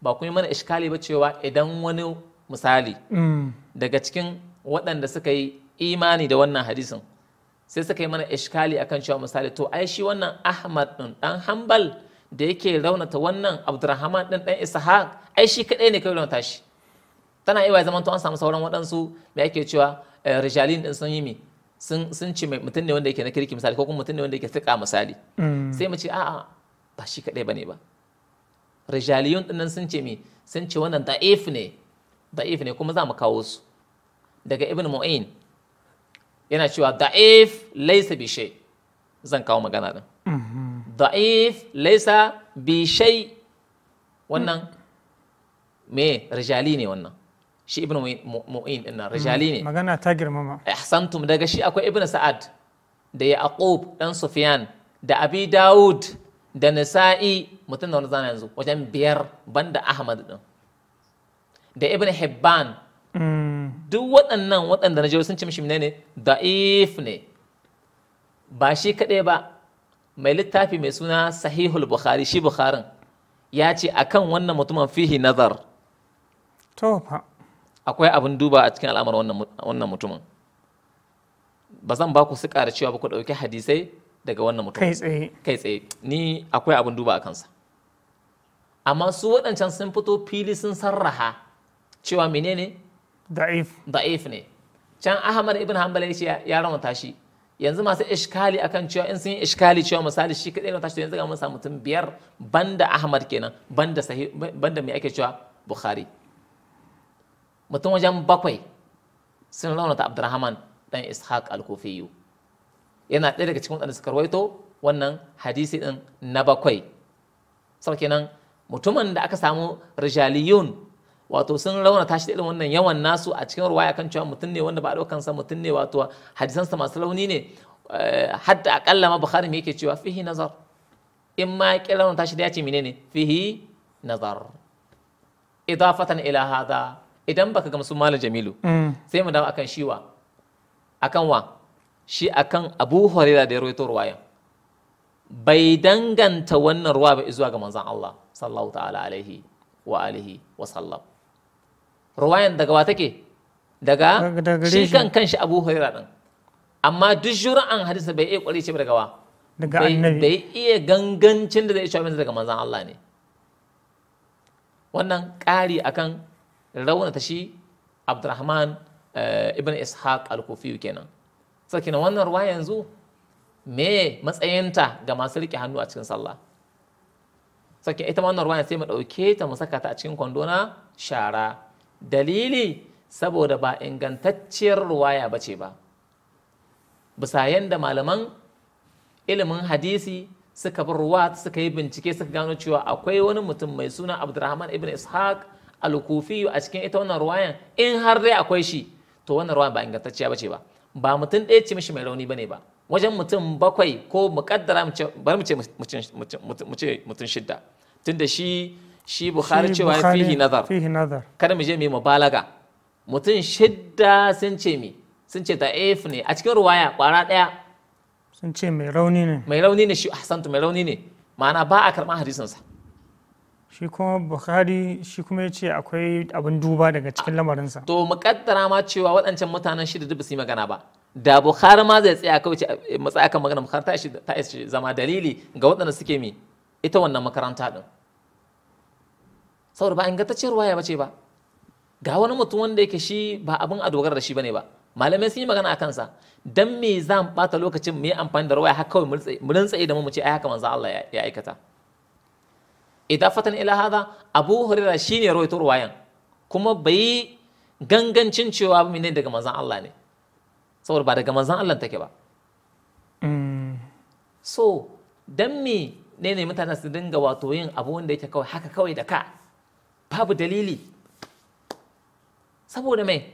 ba kun yi mana iskali ba cewa idan wani misali mm. daga cikin waɗanda suka yi imani da wannan hadisin sai suka yi mana iskali akan cewa misali to ai shi wannan ahmad din dan hanbal da yake raunata wannan abdurrahman din dan ishaq ai shi kadai ne kai raunata shi tana iya zaman to an samu sauran waɗansu me ake cewa eh, rijalin din sun yi mi sun sun ce mutum ne wanda yake na kirki misali ko kuma mutum ne wanda yake tuka misali mm. sai mu ce a'a ba shi kadai bane ba rijaliyun nan sun ce me sun ce wannan da'if ne da'if ne kuma za mu kawo su daga ibn mu'in yana cewa da'if laysa bi shay zan kawo magana din mm-hmm. da'if laysa bi shay wannan me rijali ne wannan shi ibn mu'in din nan rijali mm, ne magana ta girmama ahsantum daga shi akwai ibnu sa'ad da yaqub dan sufyan da abi daud da nisa'i mutum da wani zana yanzu wajen biyar banda ahmad din da ibn hibban mm. duk waɗannan waɗanda na sun ci mishi ne da'if ne ba shi kaɗai ba mai littafi mai suna sahihul bukhari shi bukharin ya ce akan wannan mutumin fihi nazar to akwai abin duba a cikin al'amuran wannan mutumin ba zan ba ku suka da cewa ba ku ɗauki hadisai daga wannan mutumin kai tsaye ni akwai abin duba a kansa amma su waɗancan sun fito fili sun sarraha cewa menene da'if da'if ne can ahmad ibn hanbal ya ya ramata shi yanzu masu ishkali akan cewa in sun yi ishkali cewa misali shi kadai na tashi yanzu ga mun samu mutum biyar banda ahmad kenan banda sahih banda me ake cewa bukhari mutum wajen bakwai sun raunata abdurrahman dan ishaq al-kufiyu yana ɗaya daga cikin waɗanda suka wannan hadisi ɗin na bakwai sau nan mutumin da aka samu rijaliyun wato sun tashi da irin wannan yawan nasu a cikin ruwaya kan cewa mutum ne wanda ba sa mutum ne wato hadisansa masu launi ne eh, hadda akalla ma bukhari yake cewa fihi nazar in ma ya raunata tashi da ya ce menene fihi nazar idafatan ila hada idan baka gamsu malam jamilu mm. sai mu dawo akan shiwa akan wa shi akan abu huraira da ya rawaito ruwaya. bai danganta wannan ruwa ba zuwa ga manzon Allah sallallahu ta'ala alaihi wa alihi wa sallam ruwayan daga wa take daga shi kan kanshi abu huraira din amma duk jur'an hadisi bai iya kwari ce daga wa daga annabi bai iya gangancin da zai shawo daga manzon Allah ne wannan ƙari akan raunata shi abdurrahman eh, ibn ishaq al-kufi kenan sarki na wannan ruwa yanzu me matsayinta ga masu rike hannu a cikin sallah sarki ita wannan ruwa sai mu ɗauke ta mu saka ta a cikin kwando na shara dalili saboda ba ingantacciyar ruwaya ba ce ba bisa yadda malaman ilimin hadisi suka bi ruwa suka yi bincike suka gano cewa akwai wani mutum mai suna abdurrahman ibn ishaq al-kufi a cikin ita wannan ruwayan in har dai akwai shi to wannan ruwa ba ingantacciya bace ba ba mutum ɗaya ce mishi mai rauni bane ba wajen mutum bakwai ko muƙaddara bari mu ce mu ce mutum shidda tunda shi shi bukhari cewa fihi nazar fihi nazar kada mu je mu mubalaga mutum shidda sun ce mi sun ce if ne a cikin ruwaya kwara ɗaya sun ce mai rauni ne mai rauni ne shi ahsantu mai rauni ne ma'ana ba a karɓar hadisinsa shi kuma bukhari shi kuma ya ce akwai abin duba daga cikin lamarinsa to kaddara ma cewa waɗancan mutanen shida duk su yi magana ba da bukhari ma zai tsaya kawai matsa akan magana bukhari ta shi ta shi zama dalili ga waɗanda suke mi ita wannan makaranta din saboda ba ingantacciyar ya bace ba ga wani mutum wanda yake shi ba abin a dogara da shi bane ba malamai sun yi magana a kansa dan me zan bata lokacin mu yi amfani da rawaya har kawai mu rantsaye da mu mu ce ai haka manzo Allah ya aikata idafatan ila hada abu hurira shine ne ruwayan kuma bai gangancin cewa ba ne daga manzan Allah ne saboda ba daga manzan Allah take ba so dan me ne ne mutane su dinga wato yin abu wanda yake kawai haka kawai da ka babu dalili saboda mai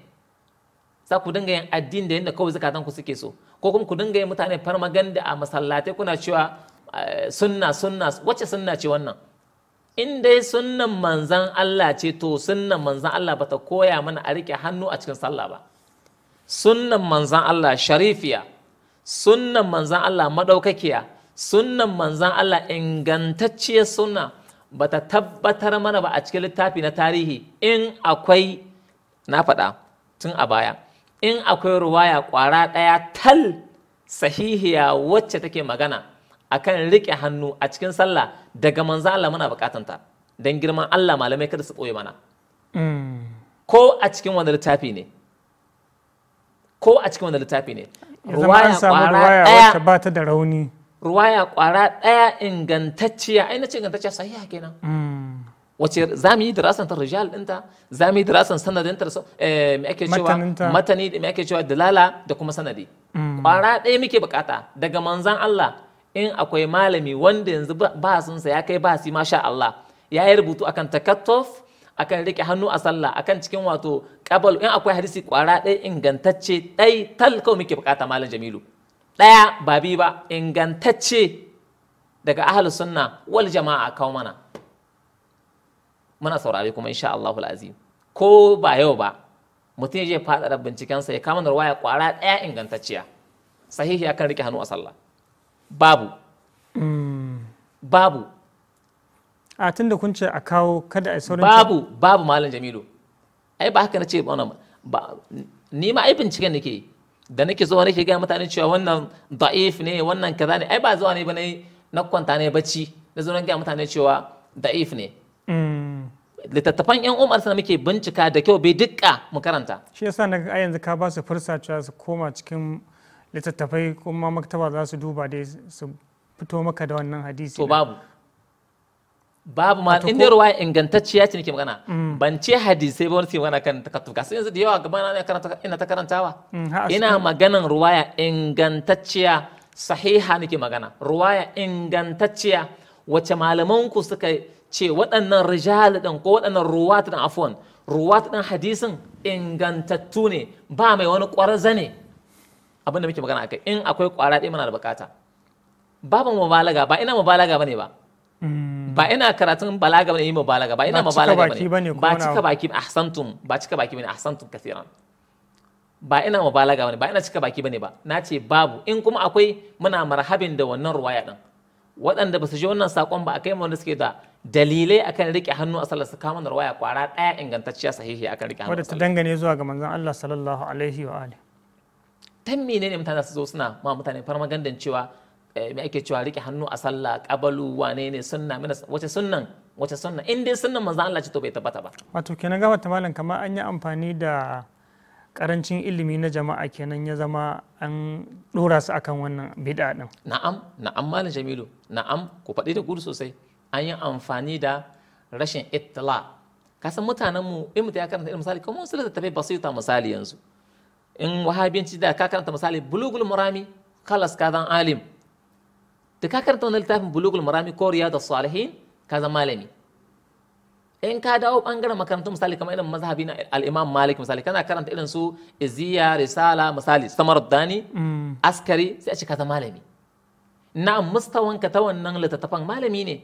za ku dinga yin addini da yadda kawai zukatan ku suke so ko kuma ku dinga yin mutane farmaganda a masallatai kuna cewa sunna sunna wacce sunna ce wannan in dai sunnan manzan Allah ce to sunnan manzan Allah bata koya mana a rike hannu a cikin sallah ba sunnan manzan Allah sharifiya sunnan manzan Allah madaukakiya sunnan manzan Allah ingantacciyar sunna bata tabbatar mana ba a cikin littafi na tarihi in akwai na faɗa tun a baya in akwai ruwaya ƙwara ɗaya tal sahihiya wacce take magana akan rike hannu a cikin sallah daga manzo Allah muna bukatanta don girman Allah malamai kada su ɓoye mana mm. ko a cikin wani littafi ne ko a cikin wani littafi ne ruwaya kwara ɗaya ba ta da rauni ruwaya kwara ɗaya ingantacciya ai na ce ingantacciya sahiha kenan mm. wace za mu yi dirasan ta rijal dinta? za mu yi dirasan sanadin ta eh, me ake cewa matani me ake cewa dalala da kuma sanadi kwara mm. ɗaya muke bukata daga manzan Allah in akwai malami wanda yanzu ba bahasinsa ya kai ba bahasi masha Allah ya yi rubutu akan takattuf akan rike hannu a sallah akan cikin wato kabal in akwai hadisi kwara ɗaya ingantacce ɗai tal muke bukata malam jamilu ɗaya ba bi ba ingantacce daga ahlus sunna wal jama'a kawo mana muna saurare kuma insha Allahu azim ko ba yau ba mutum ya je faɗaɗa bincikensa ya kama da ruwaya kwara ɗaya ingantacciya sahihi akan rike hannu a sallah babu babu a tun da kun ce a kawo kada a saurin babu babu malam jamilu ai ba haka na ce ba ni ma ai binciken nake da nake zuwa nake gaya mutane cewa wannan da'if ne wannan kaza ne ai ba zuwa ne ba na kwanta ne bacci na zuwa gaya mutane cewa da'if ne littattafan yan umar sana muke bincika da kyau bai dukka mu karanta shi yasa na a yanzu ka ba su fursa cewa su koma cikin littattafai kuma maktaba za su duba dai su fito maka da wannan hadisi to babu babu ma in dai ruwaya ingantacciya ce nake magana mm. ban ce hadisai ba wani magana kan takattuka sai yanzu da yawa gaba na ina ta karantawa mm, ina maganan ruwaya ingantacciya sahiha nake magana ruwaya ingantacciya wace malaman ku suka ce waɗannan rijal din ko waɗannan ruwat afwan ruwat ɗin hadisin ingantattu ne ba mai wani ƙwarza ne abin da muke magana akai in akwai kwara ɗaya muna da bukata babu mubalaga ba ina mubalaga bane ba hmm. ba ina karatun balaga bane yin mubalaga ba ina mubalaga bane ba cika baki ahsantum ba cika baki bane ahsantum kathiran ba ina mubalaga bane ba ina cika baki bane ba na ce babu in kuma akwai muna marhabin da wannan ruwaya din waɗanda ba su ji wannan sakon ba akai wanda suke da dalilai akan rike hannu a sallar su kama ruwaya kwara ɗaya ingantacciya sahihi akan rike hannu wadda ta dangane zuwa ga manzon Allah sallallahu alaihi wa alihi Tan menene mutane su zo suna ma mutane farmagandan cewa eh, me ake cewa rike hannu a sallah kabalu wane ne sunna mina wace sunnan wace sunna in dai sunnan manzo Allah ce to bai tabbata ba wato kenan ga wata malam kamar an yi amfani da karancin ilimi na jama'a kenan ya zama an dora su akan wannan bid'a din na'am na'am malam jamilu na'am ku faɗi da gudu sosai an yi amfani da rashin ittila kasan mutanen mu in mutum ya karanta irin misali kuma wasu littattafai basita misali yanzu in wahabiyanci da ka karanta misali bulugul murami kalas ka zan alim da ka karanta wani littafin bulugul murami ko riyadu salihin ka zan malami in ka dawo bangaren makarantu misali kamar irin mazhabi na al-Imam Malik misali kana karanta irin su Iziya Risala misali Samaruddani mm. Askari sai a ce ka zan malami na mustawanka ta wannan littattafan malami ne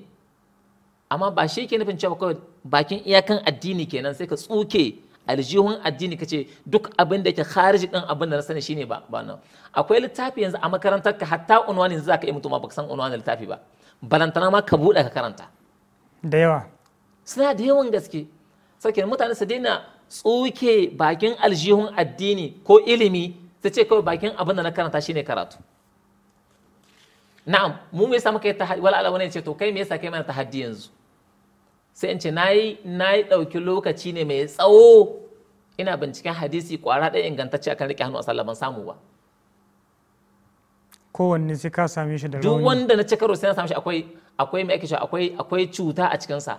amma ba shi ke nufin cewa kawai bakin iyakan addini kenan sai ka tsuke aljihun addini kace duk abin da yake khariji din abin da na sani shine ba ba nan akwai littafi yanzu a makarantar ka hatta unwani yanzu zaka yi mutuma baka san unwani littafi ba balantana ma ka buɗe ka karanta da yawa suna da yawan gaske sarkin mutane su daina tsuke bakin aljihun addini ko ilimi su ce kawai bakin abin da na karanta shine karatu na'am mu me yasa muka yi wala ala wani ce to kai me yasa kai mana tahaddi yanzu sai in ce na yi ɗauki lokaci ne mai tsawo ina binciken hadisi ƙwara ɗaya ingantacce akan riƙe hannu a sallah ban samu ba kowanne sai ka same shi da rauni duk wanda na cikaro sai na same shi akwai akwai mai ake shi akwai akwai cuta a cikin sa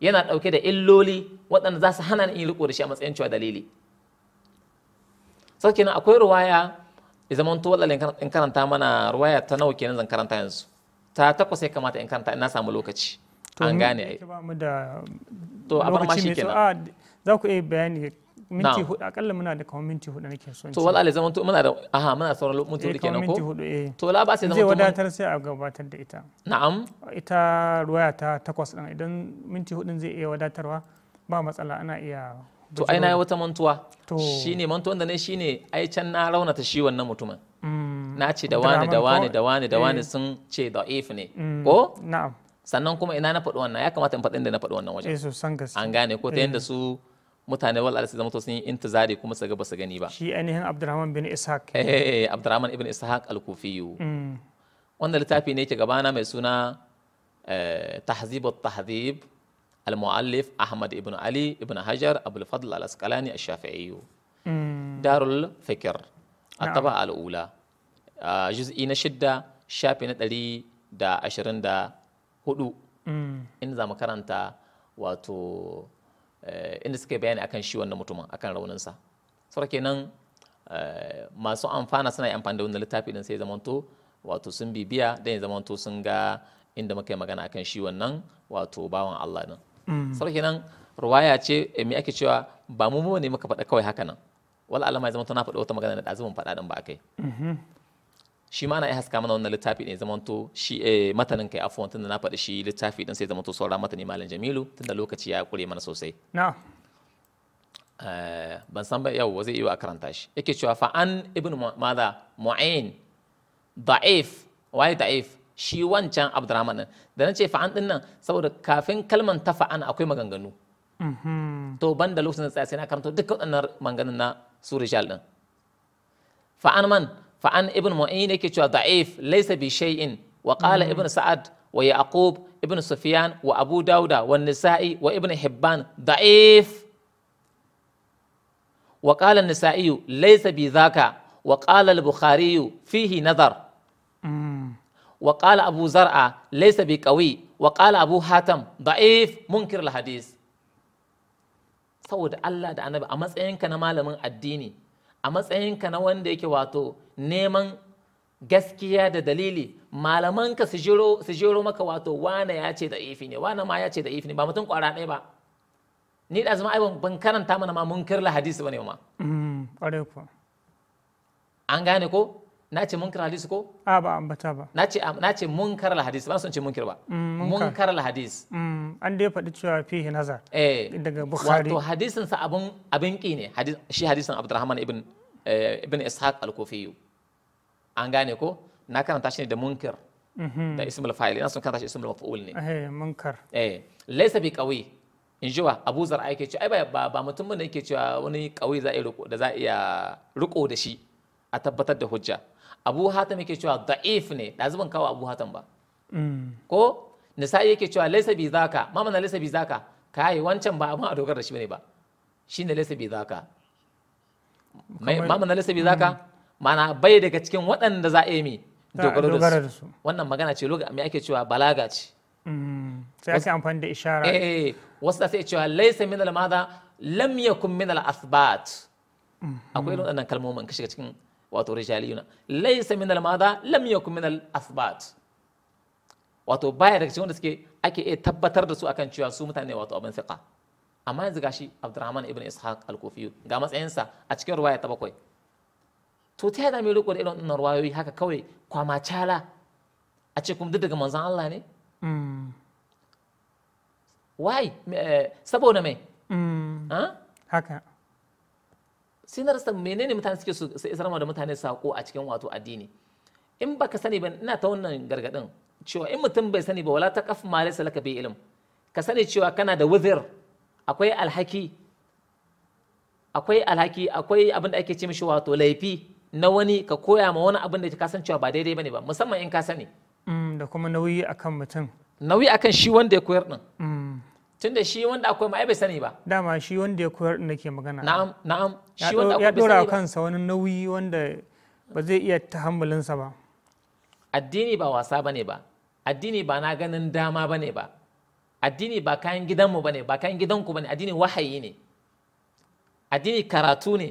yana ɗauke da illoli waɗanda za su hana ni in riƙo da shi a matsayin cewa dalili sauke nan akwai ruwaya ya zama to wallahi in karanta mana ruwaya ta nawa kenan zan karanta yanzu ta takwas ya kamata in karanta ina samu lokaci an gane ai to a bar ma shi kenan ah, za ku iya bayani minti hudu akalla muna da kamar minti hudu nake son to wala zaman to muna da aha muna sauran minti hudu eh, kenan ko eh. to la ba sai zama zai wadatar sai a gabatar da ita na'am ita ruwaya ta takwas din idan minti hudun zai iya wadatarwa ba matsala ana iya to ai nayi wata mantuwa shine mantuwan da ne shine ai can na raunata shi wannan mutumin mm. na ce da wani da wani da wani da wani eh. sun ce da'if ne mm. ko na'am sannan kuma ina na faɗi wannan ya kamata in faɗi inda na faɗi wannan wajen eh, an gane ko ta yanda eh. su mutane wal su zama to sun yi intizari kuma su ga ba su gani ba shi ainihin abdurrahman bin ishaq eh, eh abdurrahman ibn ishaq al-kufiyu mm. wannan littafi ne ke gabana mai suna tahzib at-tahzib al-muallif ahmad ibn ali ibn hajar abul fadl al-asqalani ash-shafi'i mm. darul fikr at-taba al-ula ah, juz'i na shidda shafi na da. hudu mm. inda za mu karanta wato eh, inda suka bayani akan shi wannan mutumin akan rauninsa saboda kenan eh, masu amfana suna yi amfani da wannan littafi din sai zamanto wato sun bibiya dan ya zamanto sun ga inda muka yi magana akan shi wannan wato bawan Allah din mm. saboda kenan ruwaya ce eh, me ake cewa ba mu ne muka faɗa kawai haka nan wala alama ya zamanto na faɗa wata magana da ɗazu mun faɗa din ba akai mm-hmm. shi ma na ya haska mana wannan littafi ne zaman to shi eh, matanin kai afuwan tunda na faɗi shi littafi din sai zaman to sauran matani malam Jamilu tunda lokaci ya kure mana sosai na eh, ban san ba yau zai iya a karanta shi yake cewa fa an Ibn madha mu'ain da'if wai da'if shi wancan abdurrahman din da nace fa an din nan saboda kafin kalman ta fa'an akwai maganganu mhm. to ban da lokacin da tsaya sai na karanta dukkan wannan maganganun na su rijal din fa'an man fa an ibn mu'in yake cewa da'if laysa bi shay'in wa ibn sa'ad wa yaqub ibn sufyan wa abu dauda wa nisa'i wa ibn hibban da'if wa qala an-nisa'i bi dhaka wa qala al-bukhari fihi nadar wa qala abu zar'a laysa bi qawi wa abu hatam da'if munkir al saboda Allah da annabi a matsayinka na malamin addini a matsayinka na wanda yake wato neman gaskiya da dalili malamanka su jiro maka wato wane ya ce da ifi ne wane ma ya ce da ifi ne ba mutum kwara ɗaya ba ni da zama aibon ban karanta mana ma munkar la hadisi ne ma mm, an gane ko na ce munkar hadis ko ah, a ba bata ah, ba na ce na munkar hadis ba san ce munkir ba mm, munkar hadis mm, an dai faɗi cewa fihi nazar eh daga bukhari wato hadisin sa abun abin ki ne shi hadisin abdurrahman ibn eh, ibn ishaq al-kufi an gane ko na karanta shi ne da munkar mhm. da ismul fa'il ina son karanta shi ismul maf'ul ne eh munkar eh laysa bi qawi in ji wa abu zar'a yake ce ai ba ba mutum ne yake cewa wani kawai za a da za a iya riko da shi a tabbatar da hujja abu hatam yake cewa da'if ne da zuban kawo abu hatam ba mm. ko nisa'i yake cewa laisa bi zaka ma mana laisa bi zaka kai wancan ba amma a dogara da shi bane ba shine laisa bi zaka ma mana laisa bi zaka mana mm. bai daga cikin waɗanda za a yi dogara da su wannan magana ce lokacin me ake cewa balaga ce mm. sai ake amfani da ishara eh, eh, eh. wasu da sai cewa laisa min al-madha lam yakun min al asbat akwai irin waɗannan kalmomin ka shiga cikin wato rijaliyuna laysa min al-madha lam yakun min al wato baya daga cikin wanda suke ake iya tabbatar da su akan cewa su mutane wato abin fiqa amma yanzu gashi Abdurrahman ibn Ishaq al-Kufi ga matsayinsa a cikin ruwaya ta bakwai to ta yadda mai riko da irin wannan ruwayoyi haka kawai kwama cala a ce kuma duk daga manzon Allah ne hmm. why eh, saboda mai hmm. haka sai na rasa menene mutane suke su isarwa da mutane sako a cikin wato addini in baka sani ba ina ta wannan gargadin cewa in mutum bai sani ba wala ta kaf ma laysa laka bi ilm ka sani cewa kana da wuzir akwai alhaki akwai alhaki akwai abin da ake ce mishi wato laifi na wani ka koya ma wani abin da ka san cewa ba daidai bane ba musamman in ka sani mm, da kuma nauyi akan mutum nauyi akan shi wanda ya koyar din mm. tunda shi wanda akwai ma'ai bai sani ba dama shi wanda ya koyar din ke magana na'am na'am shi wanda akwai ya dora kansa wani nauyi wanda ba zai iya tahammulinsa ba addini ba wasa bane ba addini ba na ganin dama bane ba addini ba kayan gidanmu bane ba kayan gidanku bane addini wahayi ne addini karatu ne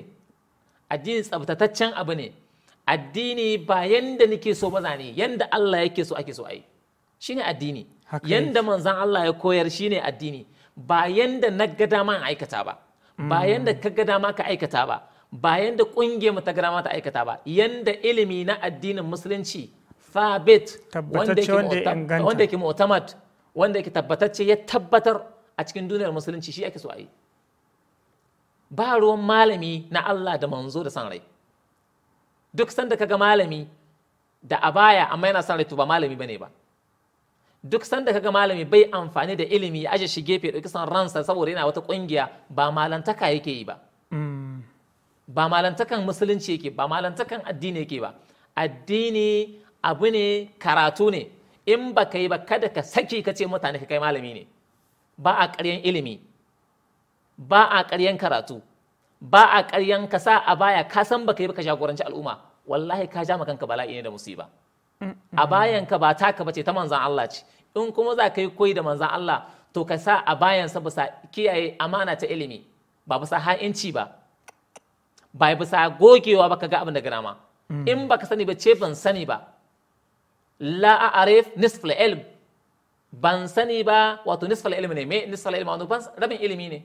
addini tsabtataccen abu ne addini ba yanda nake so ba zane yanda Allah yake so ake so ai shine addini yanda manzan Allah ya koyar shi ne addini ba yanda na ga dama aikata ba ba mm. yanda ka ga dama ka aikata ba ba yanda kungiyar mu ta ga ta aikata ba yanda ilimi na addinin musulunci thabit wanda yake mu'tamad wanda yake tabbatacce ya tabbatar a cikin duniyar musulunci shi ake so a yi ba ruwan malami na Allah da manzo da san rai duk sanda ka ga malami da abaya amma yana san rai to ba malami bane ba duk sanda kaga malami bai amfani da ilimi ya aje shi gefe duk san ransa saboda yana wata kungiya ba malantaka yake yi ba mm. ba malantakan musulunci yake ba malantakan addini yake ba addini abu ne karatu ne in ba kai ba kada ka saki ka ce mutane ka kai malami ne ba a ƙaryan ilimi ba a ƙaryan karatu ba a ƙaryan ka sa a baya ka san ba ka yi ba ka jagoranci al'umma wallahi ka ja kanka bala'i ne da musiba a bayanka ba taka bace ta manzan Allah ce in kuma za ka yi koyi da manzan Allah to ka sa a bayansa bisa kiyaye amana ta ilimi ba bisa ha'inci ba ba bisa gogewa ba ka ga abin da ma, in ba ka sani ba ce ban sani ba la a'arif nisfal ilm ban sani ba wato nisfal ilm ne me nisfal ilm wato rabin ilimi ne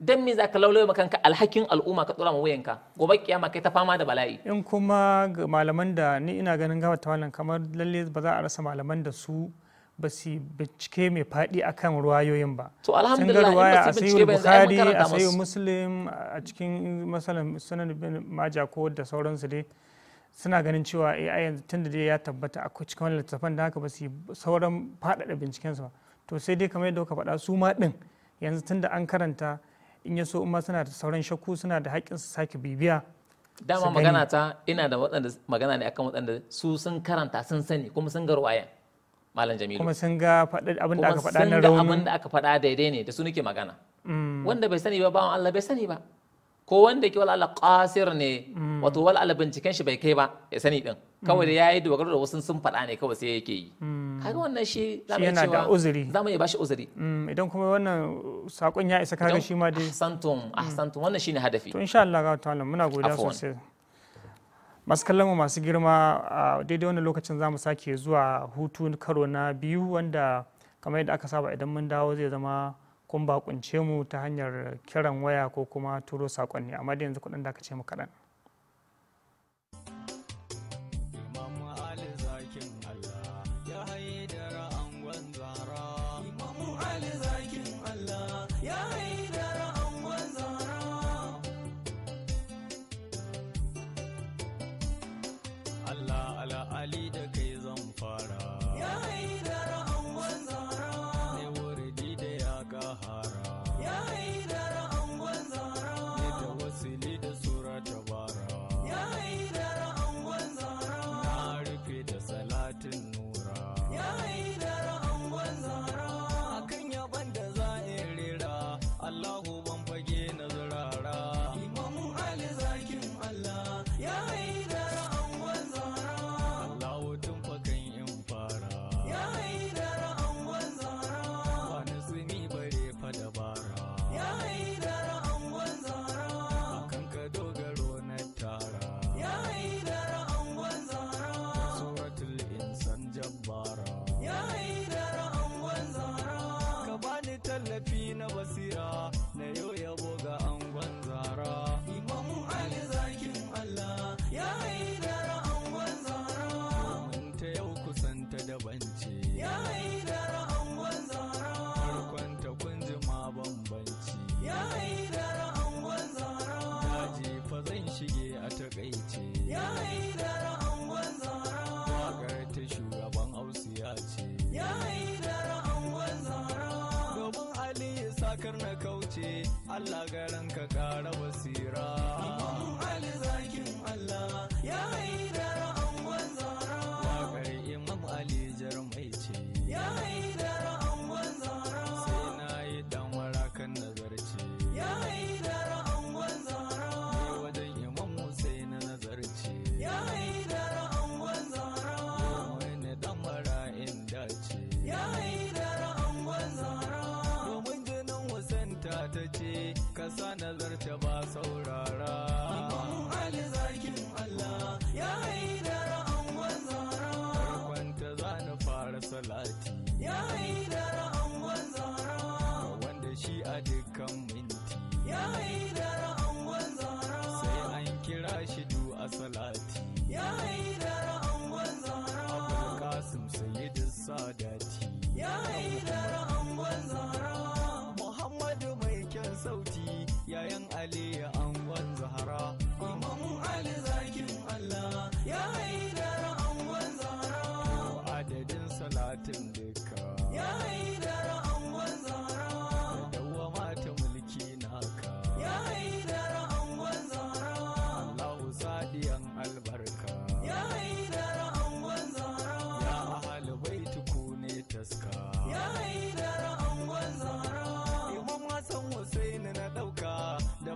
dan me zaka laulaye kanka alhakin al'umma ka tsora ma wuyanka gobe kiyama kai ta fama da bala'i in kuma malaman da ni ina ganin gaba ta wannan kamar lalle ba za a rasa malaman da su ba su bincike mai faɗi akan ruwayoyin ba to alhamdulillah in ba su bincike ba bukhari a sayi muslim a cikin masalan sunan ibn majah ko da sauransu dai suna ganin cewa eh, ai yanzu tunda dai ya tabbata akwai cikin wannan da haka ba su sauran faɗaɗa bincikensu ba to sai dai kamar yadda ka faɗa su ma ɗin yanzu tunda an karanta in ya so in ma suna da sauran shakku suna da haƙƙin su sake bibiya dama magana ta ina da waɗanda magana ne akan waɗanda su sun karanta sun sani kuma sun ga ruwayan malam jamilu kuma sun ga abin da aka faɗa na raunin kuma sun ga abin da aka faɗa daidai ne da su nake magana mm. wanda bai sani ba bawan Allah bai sani ba ko wanda ke wala qasir ne mm. wato wala ala binciken shi bai kai ba ya sani din mm. kawai da yayi dogaro da wasu sun faɗa ne kawai sai yake yi mm. kaga wannan shi zamu iya cewa uzuri zamu iya bashi uzuri idan kuma wannan sakon ya isa kaga shi ma dai ahsantum ahsantum wannan shine hadafi to insha Allah ta'ala muna godiya sosai masu kallon mu masu girma a daidai wannan lokacin zamu sake zuwa hutu karo na biyu wanda kamar yadda aka saba idan mun dawo zai zama kun bakunce mu ta hanyar kiran waya ko kuma turo sakonni amma da yanzu kuɗin da aka ce mu kaɗan अलग sana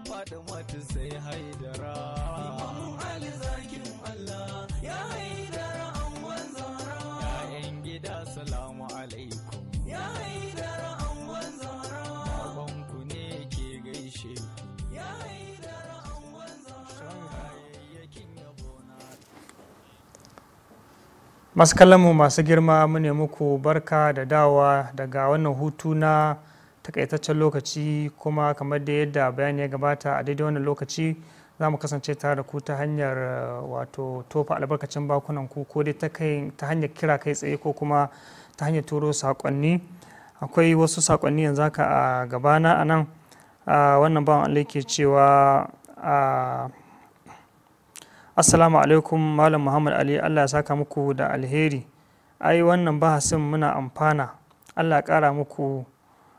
faɗi mata sai haidara imamu ali zakin allah ya haidara an wanzara ya'yan gida salamu alaikum ya haidara an wanzara babanku ne ke gaishe ya haidara an wanzara masu kallon mu masu girma mu ne muku barka da dawa daga wannan hutu na takaitaccen lokaci kuma kamar da yadda bayani ya gabata a daidai wannan lokaci za mu kasance tare da ku ta hanyar eh, wato tofa albarkacin bakunan ku ko dai ta hanyar kira kai tsaye ko kuma ta hanyar turo saƙonni akwai wasu saƙonni yanzu haka a gabana a nan wannan ba Allah ke cewa assalamu alaikum malam muhammad ali allah ya saka muku da alheri ai wannan bahasin muna amfana allah ya ƙara muku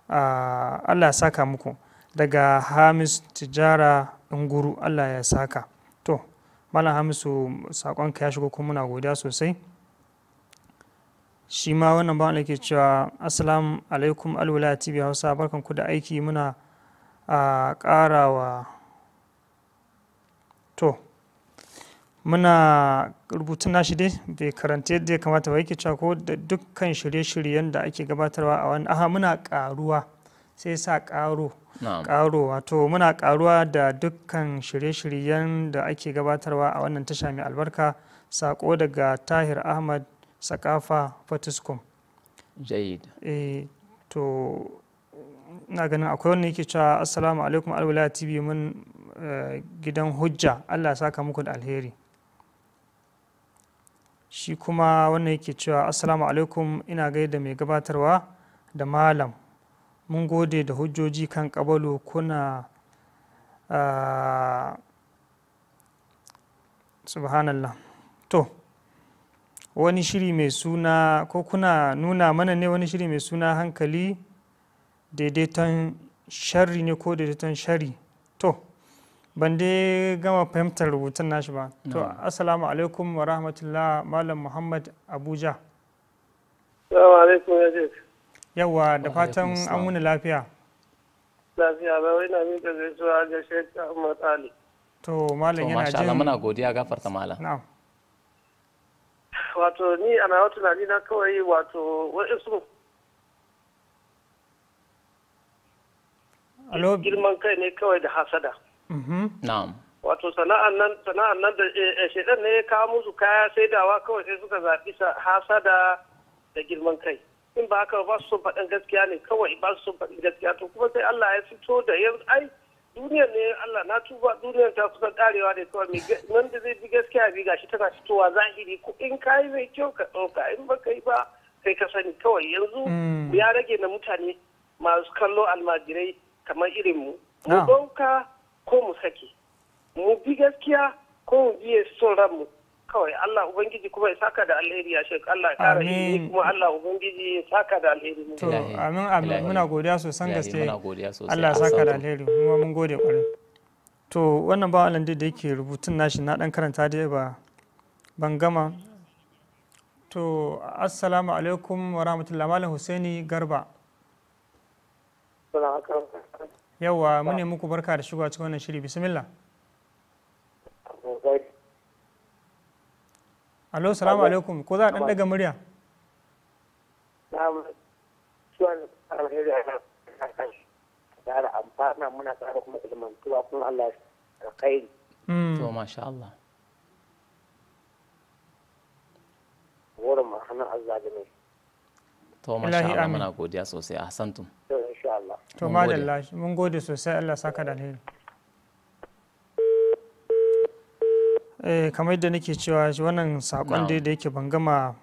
Ah, Allah ya saka muku daga Hamis Tijara Nguru Allah ya saka to Malam Hamisu sakonka ya shigo kuma muna godiya sosai shi ma wannan ba ke cewa assalamu alaikum alwala tv hausa barkan ku da aiki muna a ah, ƙarawa to muna rubutun nashi dai bai karanta yadda ya kamata ba yake cewa ko da dukkan shirye-shiryen da ake gabatarwa a wani aha muna karuwa sai sa karo karo wato muna karuwa da dukkan shirye-shiryen da ake gabatarwa a wannan tasha mai albarka sako daga tahir ahmad sakafa fatiskum jayid eh to ina ganin akwai wanda yake cewa assalamu alaikum alwala tv mun eh, gidan hujja allah saka muku da alheri shi kuma wannan yake cewa assalamu alaikum ina gaida mai gabatarwa da malam mun gode da hujjoji kan kabalu kuna subhanallah to wani shiri mai suna ko kuna nuna mana ne wani shiri mai suna hankali daidaiton shari ne ko daidaiton shari to ban dai gama fahimtar rubutun nashi ba to assalamu alaikum wa rahmatullah malam muhammad abuja assalamu alaikum ya yawa da fatan an wuni lafiya lafiya ba wai na miƙa gaisuwa ga shek ahmad ali to malam yana jin muna godiya gafarta malam na'am wato ni ana wata na na kawai wato wa'isu girman kai ne kawai da hasada na'am wato sana'an nan da eh, shedan ne ya kawo musu kaya sai saidawa kawai sai suka zaɓi hasada da girman kai in ba haka ba su son faɗin gaskiya ne kawai ba su son faɗin gaskiya to kuma sai Allah ya fito da yanzu ai duniyar ne Allah na tuba duniyar ta kusan karewa da kawai mai da zai bi gaskiya bi gashi tana fitowa zahiri ko in ka yi mai kyau ka ɗauka in ba ka yi ba kai ka sani kawai yanzu mm. ya rage na mutane masu kallo almajirai kamar irin mu mu ɗauka ko mu sake mu bi gaskiya ko mu biye son ranmu kawai Allah Ubangiji kuma ya saka da alheri ya shek Allah ya kara kuma Allah Ubangiji ya saka da alheri to amin amin muna godiya sosan gaske Allah ya saka da alheri kuma mun gode kwarai to wannan ba Allah da yake rubutun nashi na dan karanta dai ba ban gama to assalamu alaikum wa rahmatullahi malam Husaini Garba yawa mune muku barka da shigowa cikin wannan shiri bismillah alo salamu alaikum ko za a dan daga murya ƙara amfana muna ƙara kuma ilmantuwa kuma Allah alkhairi. Hmm. To masha Allah. Wurin ma'ana Allah da mai. To masha Allah muna godiya sosai a hasantum. insha Allah to madalla mun gode sosai Allah saka da alheri eh kamar yadda nake cewa wannan sakon dai da yake ban gama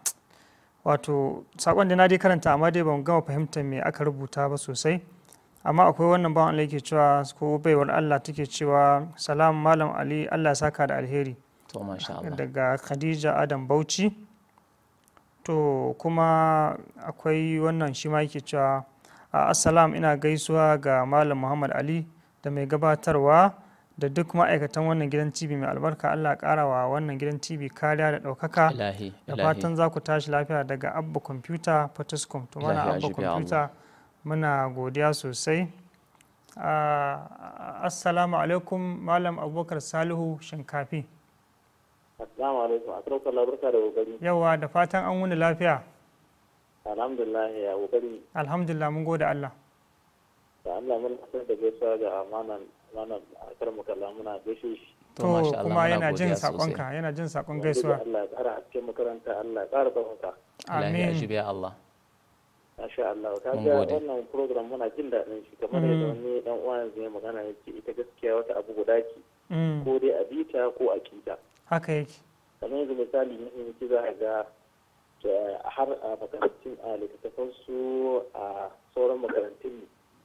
wato sakon da na dai karanta amma dai ban gama fahimtar me aka rubuta ba sosai amma akwai wannan bawan Allah yake cewa ko baiwar Allah take cewa salam malam Ali Allah saka da alheri daga Khadija Adam Bauchi to kuma akwai wannan shi ma yake cewa a assalam ina gaisuwa ga malam muhammad ali da mai gabatarwa da duk ma'aikatan wannan gidan tv mai albarka allah kara wa wannan gidan tv kariya da ɗaukaka da fatan za ku tashi lafiya daga abba kwamfuta fatuskum to mana abba kwamfuta muna godiya sosai assalamu alaikum malam abubakar salihu shinkafi assalamu alaikum a da kokari yawa da fatan an wuni lafiya alhamdulillah ya kokari alhamdulillah mun gode Allah da Allah mun kasar da gaisuwa ga amanan amanan akar mukalla muna gaishe shi to kuma yana jin sakonka yana jin sakon gaisuwa Allah ya kara haske makaranta Allah ya kara tsawonka amin ya Allah masha Allah ka ga wannan program muna jin daɗin shi kamar mm. yadda wani dan uwa yanzu ya magana yake ita gaskiya wata abu guda ce mm. ko dai a bita ko a kita haka yake kamar yanzu misali ne ki za a ga har a makarantun a littattafan su a sauran makarantun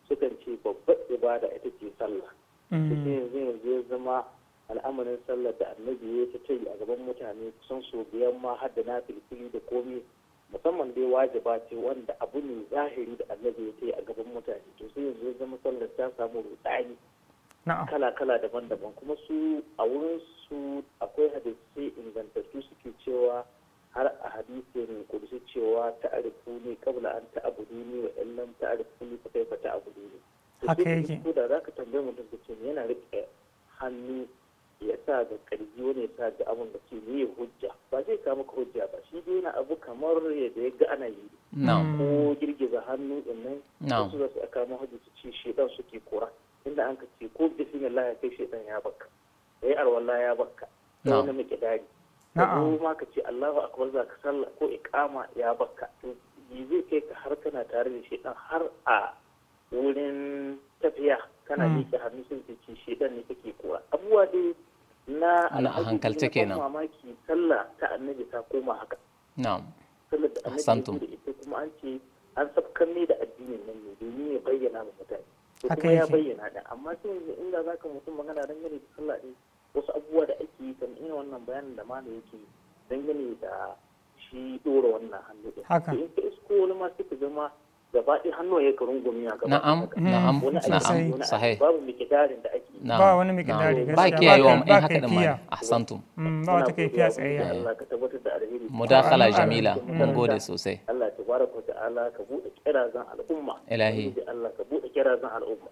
sukan ce babbar ibada ita ce sallah cikin mm. yanzu yanzu ya zama al'amarin sallah da annabi ya ta a gaban mutane kusan so biyan ma har da na filfili da komi musamman dai wajiba ce wanda abu ne zahiri da annabi ya ta yi a gaban mutane to sai yanzu ya zama sallar ta samu rudani kala-kala daban-daban kuma su a wurin su akwai hadisai ingantattu suke cewa har a hadisin kudusi cewa ta'arifu ne kabla an ta'abudu ne wa in lam ta'arifu ne fa kaifa ta'abudu ne haka yake ko da zaka tambaye mutum ka ce yana rike hannu ya sa ga karji wani ya sa ga abun da ke ne hujja ba zai kama ka hujja ba shi dai yana abu kamar yadda ya ga ana yi ko girgiza hannu din nan wasu za su aka ma hujja su ce shedan suke kora inda an ka ce ko bismillah ya kai shedan ya baka yi arwallah ya baka sai wani mikidari ko ma ka ce Allahu akbar za ka sallah ko iqama ya baka yi zai kai ka har kana tare da shi har a wurin tafiya kana mm. ka hannu sun ce shi dan ne kake kura abubuwa dai na alhankalce kenan mamaki sallah ta annabi ta koma haka na'am sallar da ita kuma an ce an sabkan ne da addinin nan ne domin ya bayyana wa mutane haka ya bayyana da amma sai yanzu inda zaka mutum magana dangane da sallah din wasu abubuwa da ake yi kan ina wannan bayanin da malam yake dangane da shi dora wannan hannu ɗin. Haka. In ka isko wani ma suka zama gaba ɗaya hannuwa ya karun gumi a gaba. Na'am, na'am, hmm, na'am, sahai. Babu mikidarin da ake. yi. Ba wani mikidari gaskiya. Ba kiyaye wa in haka da a ahsantum. Hmm, ba wata kai fiya tsayayya. Allah ka tabbatar da alheri. Mudakala jamila, mun hmm. gode sosai. Allah tabaraka wa ta'ala ka buɗe kirazan al'umma. Ilahi. Allah ka buɗe kirazan al'umma.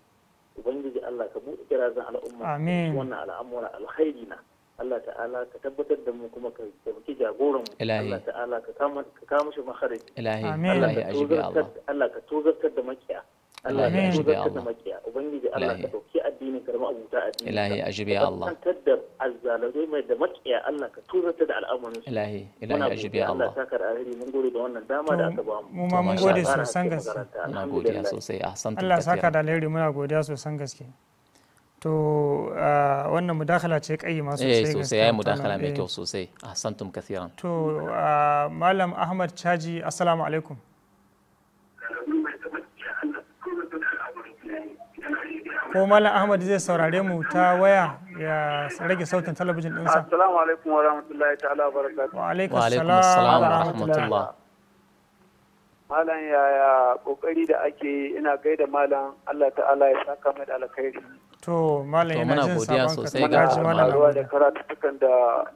ubangiji Allah ka buɗe kirazin al'umma wannan al'amura alkhairi na Allah ta'ala ka tabbatar da mu kuma ka tabbaki jagoran mu Allah ta'ala ka kama ka kama shi makharij ilahi ajibi Allah Allah ka tozartar da makiya Allah ka tozartar da makiya ubangiji Allah ka dauki addinin ka da ma'abuta addini ilahi ajibi Allah ka tabbatar da mai da makiya Allah ka da al'amarin su ilahi ilahi ajibi Allah Allah saka alheri mun gode da wannan dama da aka ba mu mu mun gode sosan gaske mun godiya sosai ahsantu Allah saka da alheri muna godiya sosan gaske to wannan mudakala ce kai ma eh, sosai sosai yayi mudakala mai kyau eh. sosai A ahsantum kathiran to malam ahmad Caji, assalamu alaikum ko malam ahmad zai saurare mu ta waya ya rage sautin talabijin dinsa assalamu alaikum wa rahmatullahi ta'ala wa barakatuh wa alaikum assalam wa rahmatullah malam yaya kokari da ake ina gaida malam Allah ta'ala ya saka mai da alkhairi To malam yana jin sabon ka sosai ga malam. Ruwa da karatutukan da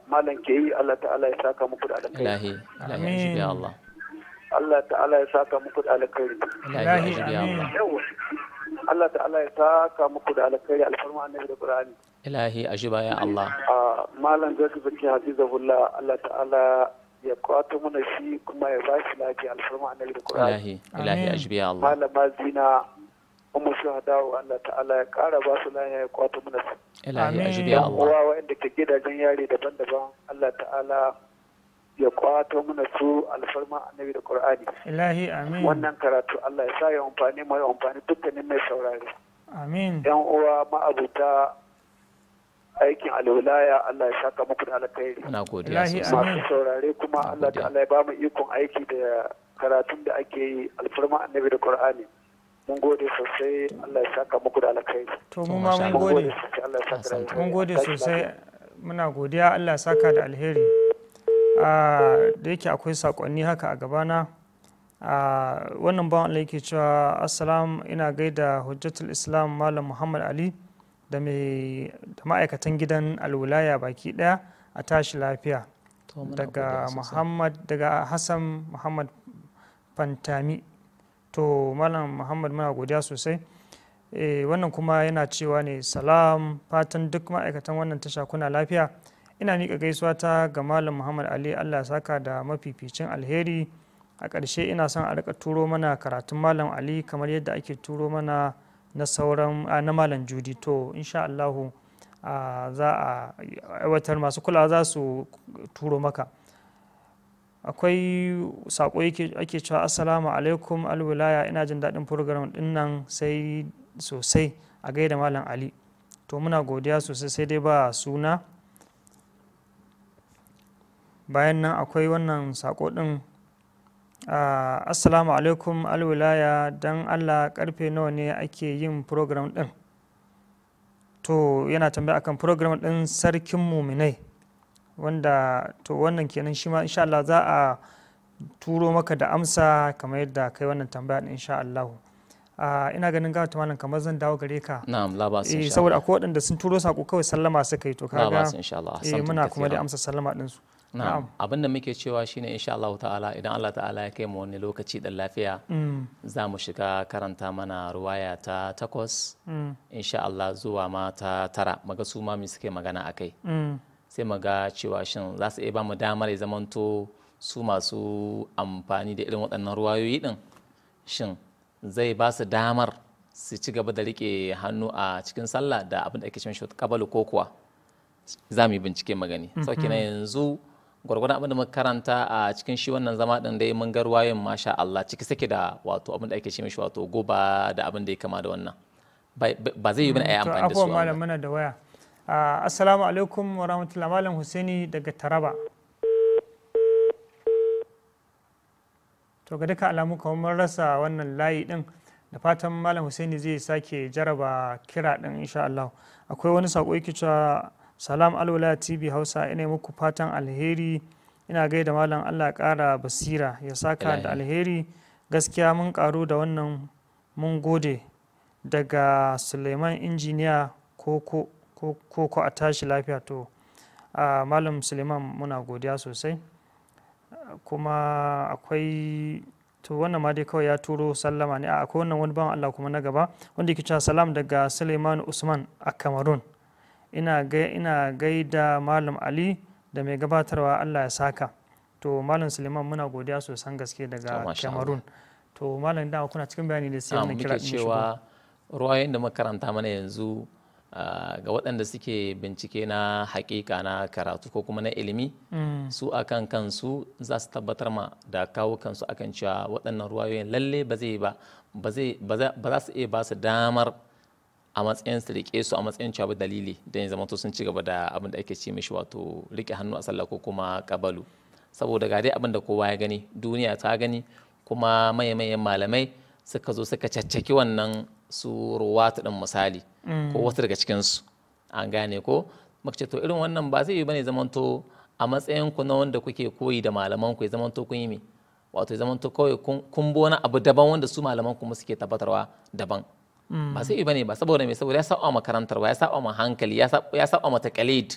malam ke yi Allah ta'ala ya saka muku da alƙairi. Ilahi, ilahi ya Allah. Allah ta'ala ya saka muku da alƙairi. Ilahi, Allah. ta'ala ya saka muku da alƙairi alfarma annabi da Qur'ani. Ilahi, ajiba ya Allah. Malam Zaki Hafizahullah Allah ta'ala ya kwato mana shi kuma ya ba shi lafiya alfarma annabi da Qur'ani. Ilahi, ilahi ajiba ya Allah. Malama Zina umar shahadawa Allah ta'ala ya kara ba su lahiya ya kwato mana su ilahi ajibi Allah uwa wa'anda ke gidajen yare daban-daban Allah ta'ala ya kwato mana su alfarma annabi da qur'ani ilahi amin wannan karatu Allah ya sa ya amfani mai amfani dukkanin mai saurare amin yan uwa ma'abuta aikin alwilaya Allah ya saka muku da alkhairi na godiya masu saurare kuma Allah ta'ala ya ba mu ikon aiki da karatun da ake yi alfarma annabi da qur'ani mun gode sosai Allah ya saka muku da alkhairi to mu ma mun gode mun gode sosai muna godiya Allah ya saka da alheri ah, da yake akwai sakonni haka a gabana ah, wannan bawan Allah yake cewa assalam ina gaida hujjatul islam malam muhammad ali da ma'aikatan gidan alwulaya baki daya a tashi lafiya daga muhammad daga hassan muhammad fantami to malam muhammad muna godiya sosai eh, wannan kuma yana cewa ne salam fatan duk ma'aikatan wannan tasha kuna lafiya ina miƙa gaisuwa ta ga malam muhammad ali allah saka da mafificin alheri a ƙarshe ina son a rika turo mana karatun malam ali kamar yadda ake turo mana na sauran na malam judi to insha allahu za a aiwatar masu kula za su turo maka akwai sako ake cewa assalamu alaikum alwilaya ina jin daɗin program ɗin nan sai sosai a gaida malam ali to muna godiya sosai sai dai ba suna bayan nan akwai wannan sako ɗin ah, assalamu alaikum alwilaya don allah karfe nawa ne ake yin program ɗin to yana tambaya akan program ɗin sarkin muminai wanda to wannan kenan shi ma insha Allah za a turo maka da amsa kamar yadda kai wannan tambaya din insha Allah ina ganin ga malam kamar zan dawo gare ka na'am labas eh, insha Allah saboda akwai waɗanda sun turo sako kawai sallama suka yi to kaga labas insha Allah eh muna kuma da amsa sallama din su na'am abin da muke cewa shine insha Allah ta'ala idan Allah ta'ala ya kai mu wani lokaci da lafiya mm. za mu shiga karanta mana ruwaya ta takwas mm. insha Allah zuwa ma ta tara maga su ma mi suke magana akai mm. sai mu ga cewa shin za su iya ba mu damar ya zamanto su masu amfani da irin waɗannan ruwayoyi ɗin shin zai ba su damar su ci gaba da riƙe hannu a cikin sallah da abin da ake cewa kabalu ko kuwa za mu yi bincike magani sauki mm-hmm. na yanzu gwargwadon abin da muka karanta a cikin shi wannan zama ɗin dai mun ga ruwayoyin masha Allah ciki sake da wato abin da ake ce shi wato goba da abin da ya kama da wannan ba zai yi bane a yi mm-hmm. amfani da su. Ah, assalamu alaikum wa rahmatullahi malam husaini daga taraba to ga duka alamu kamar rasa wannan layi din da fatan malam husaini zai sake jaraba kira din insha Allah akwai wani sako yake cewa salam alwala tv hausa ina muku fatan alheri ina gaida malam Allah kara basira ya saka da alheri gaskiya mun karu da wannan mun gode daga suleiman injiniya koko ko ko a tashi lafiya to a malam suleiman muna godiya sosai kuma akwai to wannan ma dai kawai ya turo sallama ne a akwai wannan wani ban Allah kuma na gaba wanda yake cewa salam daga Suleiman Usman a Cameroon ina ga ina gaida malam Ali da mai gabatarwa Allah ya saka to malam Suleiman muna godiya sosan gaske daga Cameroon to malam da kuna cikin bayani da sai wannan kira cewa ruwayoyin da makaranta mana yanzu ga waɗanda suke bincike na haƙiƙa na karatu ko kuma na ilimi hmm. su akan kansu za su tabbatar ma da kawo kansu akan cewa waɗannan ruwayoyin lalle ba zai ba ba za su iya ba su damar a matsayin su rike su a matsayin cewa dalili don zama to sun ci gaba da abin da ake ce mishi wato rike hannu a sallah ko kuma kabalu saboda ga dai abin da kowa ya gani duniya ta gani kuma maye mayen malamai suka zo suka caccaki wannan su ta din misali Mm. ko wasu daga cikinsu an gane ko mace to irin wannan ba zai yi bane zamanto a matsayin ku na wanda kuke koyi da malaman ku ya zamanto kun yi me wato ya zamanto kawai kun bo na abu daban wanda su malaman ku suke tabbatarwa daban mm. ba yi bane ba saboda me saboda ya saba makarantar ya saba ma hankali ya saba ma taqalid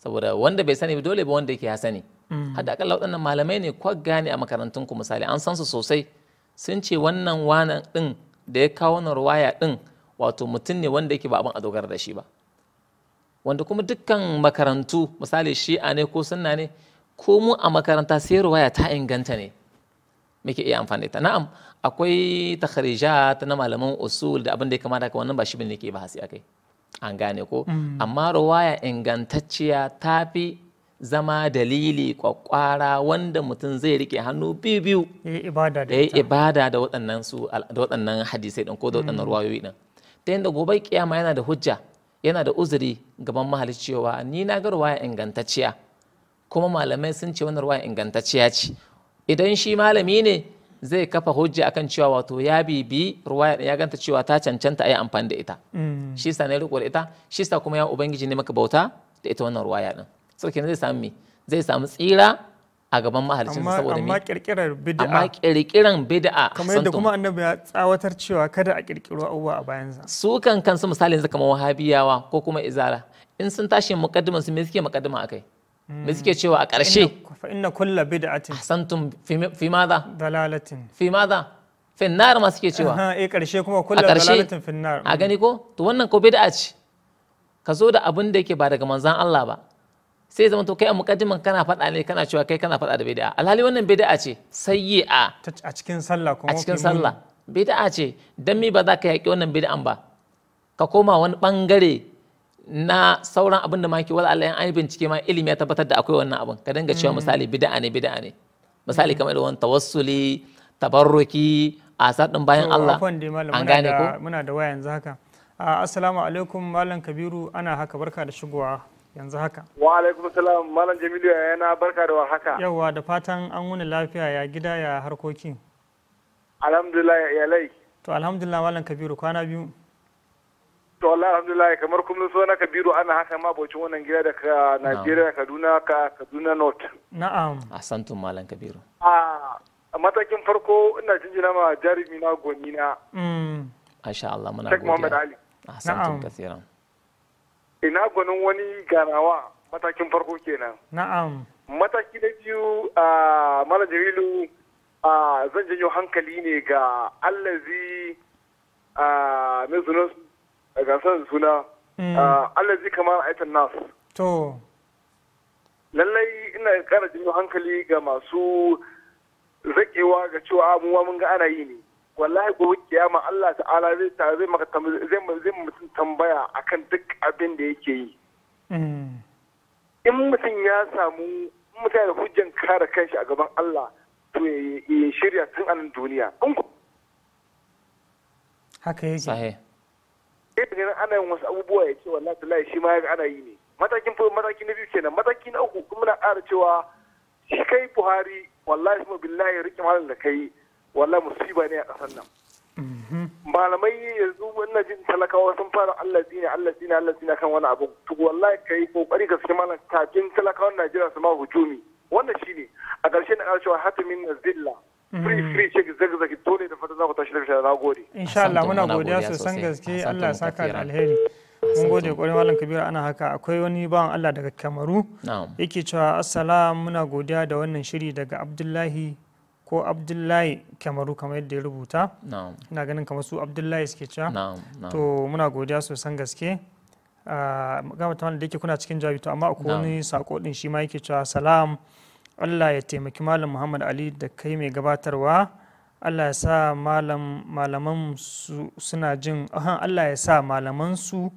saboda wanda bai sani dole ba wanda yake ya sani mm. hadda akalla waɗannan malamai ne kwa gane a makarantun ku misali an san su sosai sun ce wannan wanan din da ya kawo na ruwaya din wato mutum ne wanda yake ba abin a dogara da shi ba wanda kuma dukkan makarantu misali shi'a ne ko sunna ne ko mu a makaranta sai ruwaya ta inganta ne muke iya amfani da ta na'am akwai takharijat na malaman usul da abin da ya kamata ka wannan ba shi bane ke ba hasi akai an gane ko mm. amma ruwaya ingantacciya ta fi zama dalili kwakwara wanda mutum zai rike hannu biyu biyu da ya ibada da waɗannan hadisai din ko da waɗannan mm. ruwayoyi din ta yadda gobe kiyama yana da hujja yana da uzuri gaban mahalicci ni na ga ruwaya ingantacciya kuma malamai sun ce wannan ruwaya ingantacciya ce idan shi malami ne zai kafa hujja akan cewa wato ya bibi ruwaya ya ganta cewa ta cancanta a yi amfani da ita mm. shi sa ne riko da ita shi sa kuma ya ubangiji ne maka bauta da ita wannan ruwaya din sarki zai sami zai samu tsira a gaban mahalicin saboda me amma kirkirar bid'a amma kirkiran bid'a kamar yadda kuma annabi ya tsawatar cewa kada a kirkiro abubuwa a bayan sa su kan kansu misali yanzu kamar wahabiyawa ko kuma izara in sun tashi muqaddiman su me suke muqaddima akai me suke hmm. cewa a ƙarshe fa inna kullu bid'atin ahsantum fi madha dalalatin fi madha fi ma suke cewa eh ƙarshe kuma kullu dalalatin finnar a gani ko to wannan ko bid'a ce ka zo da abin da yake ba daga manzan Allah ba sai zama to kai a mukaddiman kana faɗa ne kana cewa kai kana faɗa da bid'a alhali wannan bid'a ce sayyi'a a cikin sallah kuma a cikin sallah bid'a ce dan me ba za ka yaƙi wannan bid'an ba ka koma wani bangare na sauran abin da maki wala Allah an bincike ma ilimi ya tabbatar da akwai wannan abin ka dinga cewa mm. misali bid'a ne bid'a ne misali mm. kamar irin tawassuli tabarruki asar sadin bayan Allah an gane ko muna da waya yanzu haka ah, assalamu alaikum malam kabiru ana haka barka da shigowa yanzu haka wa alaikum salam malam jamilu ya yana barka da warhaka yawa da fatan an wuni lafiya ya gida ya harkoki alhamdulillah ya lai to alhamdulillah malam kabiru kwana biyu to Allah alhamdulillah kamar kuma so na kabiru ana haka ma bocin wannan gida daga Najeriya Kaduna ka Kaduna North na'am ahsantum malam kabiru a matakin farko ina jinjina ma jarumi na goni Mm. masha Allah muna godiya Sheikh Muhammad Ali ahsantum kasiran. ina gwanin wani ganawa matakin farko kenan na'am mataki na biyu a mala jirilu a zan janyo hankali ne ga allazi a mai gasar ga san suna mm. allazi kamar aitan nas to lallai ina kara janyo hankali ga masu zakewa ga cewa mu mun ga ana yi ne wallahi gobe kiyama Allah ta'ala zai ta zai maka zai mutum tambaya akan duk abin da yake yi mm. in mutum ya samu in mutum da hujjan kare kanshi a gaban Allah to ya shirya tun a nan duniya haka yake sai ganin ana yin wasu abubuwa ya ce wallahi tallahi shi ma ana yi ne matakin farko mataki na biyu kenan mataki na uku kuma na ƙara cewa shi kai Buhari wallahi kuma billahi rike malam da kai wallahi musiba ne a ƙasar nan malamai yanzu wannan jin talakawa sun fara Allah zina Allah zina Allah zina kan wani abu to wallahi kai kokari ka saki malam kafin talakawan Najeriya su ma hujumi wannan shine a ƙarshe na ƙarshe hatimin zilla mm-hmm. free free check zagzagi tole da fata za ku tashi daga na gode insha Allah muna godiya sosan gaske Allah ya saka da alheri mun gode kwarin malam kabiru ana haka akwai wani bawan Allah daga Kamaru yake cewa asala muna godiya da wannan shiri daga Abdullahi ko abdullahi Kamaru kamar yadda ya rubuta ina ganin kamar su abdullahi suke cewa to muna godiya sosan gaske ga mutum da yake kuna cikin jawabi to amma a wani sako din shi ma yake cewa salam allah ya taimaki malam muhammad ali da kai mai gabatarwa allah ya sa malaman su suna jin allah ya sa malaman su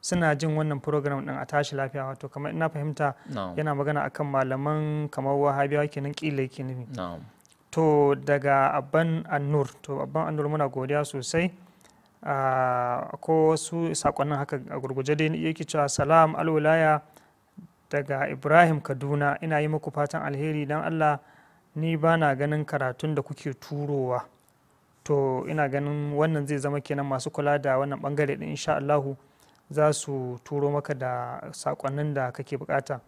suna jin wannan program din a tashi lafiya wato kamar ina fahimta yana magana akan malaman kamar wahabiyawa kenan kila yake nufi to daga abban annur to abban annur muna godiya sosai ah, ko wasu sakonnin haka a gurguje dai yake cewa salam alwulaya daga ibrahim kaduna ina yi muku fatan alheri don allah ni ba na ganin karatun da kuke turowa to ina ganin wannan zai zama kenan masu kula da wannan bangare din insha allahu za su turo maka da sakonnin da kake bukata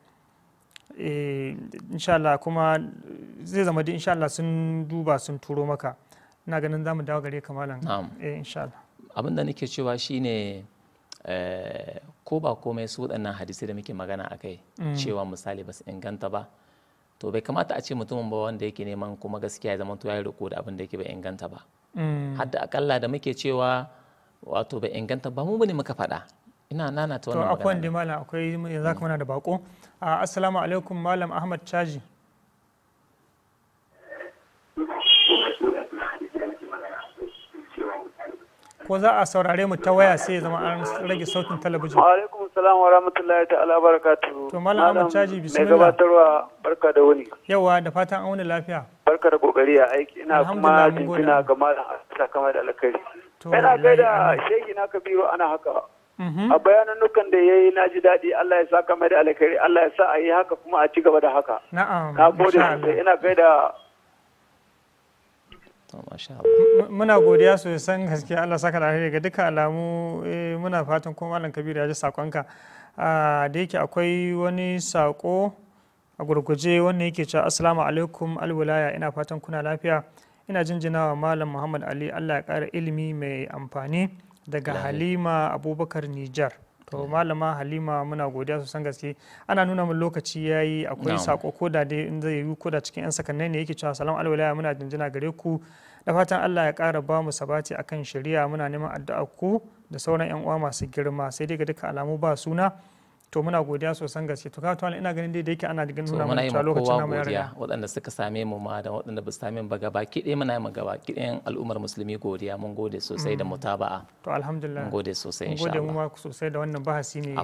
Eh, inshallah kuma zai zama dai inshallah sun duba sun turo maka na ganin za mu dawo gare ka malam eh, inshallah abin nake cewa shine eh, ko ba komai su waɗannan hadisi da muke magana a kai mm. cewa misali ba su inganta ba to bai kamata a ce mutumin ba wanda yake neman kuma gaskiya ya zama to ya riko da abin da yake bai inganta ba mm. hadda akalla da muke cewa wato bai inganta ba mu bane muka faɗa ina nana ta wannan magana to akwai wanda malam akwai yanzu haka muna da bako assalamu alaikum malam ahmad chaji ko za a saurare mu ta waya sai ya zama an rage sautin talabijin. alaikum salam wa rahmatullahi ta'ala barakatu. To malam Ahmad Chaji bismillah. Mai gabatarwa barka da wuni. Yawa da fatan an wuni lafiya. Barka da kokari a aiki ina kuma jinjina ga malam Asa kamar da alkhairi. Ina gaida shehi na Kabiru ana haka. Mhm. a bayanunukan da ya yi na ji daɗi Allah ya sa kamar da alkhairi Allah ya sa a yi haka kuma a ci gaba da haka na gode sosai ina kai da muna godiya san gaske Allah saka da ga duka alamu eh, muna fatan kuma malam kabiru ya ji sakonka ah, da yake akwai wani sako a gurguje wanda yake cewa assalamu alaikum alwilaya ina fatan kuna lafiya ina jinjinawa malam muhammad ali Allah ya ƙara ilimi mai amfani daga halima abubakar nijar to malama halima muna godiya sosan gaske ana nuna min lokaci ya yi akwai sako ko da dai in zai yi ko da cikin 'yan sakannai ne yake cewa salam alwalaya muna jinjina gare ku da fatan allah ya kara ba mu sabati akan shari'a muna neman addu'a ku da sauran 'yan uwa masu girma sai dai ga duka alamu ba suna to muna godiya sosan gaske to kawai ina ganin dai da yake ana ganin nuna mana cewa lokacin namu ya riga waɗanda suka same mu ma da waɗanda ba su same mu ba gaba ki dai muna yi mu gaba ki dai al'ummar musulmi godiya mun gode sosai da mm. mutaba'a to alhamdulillah mun gode sosai insha Allah mun gode mu sosai da wannan bahasi ne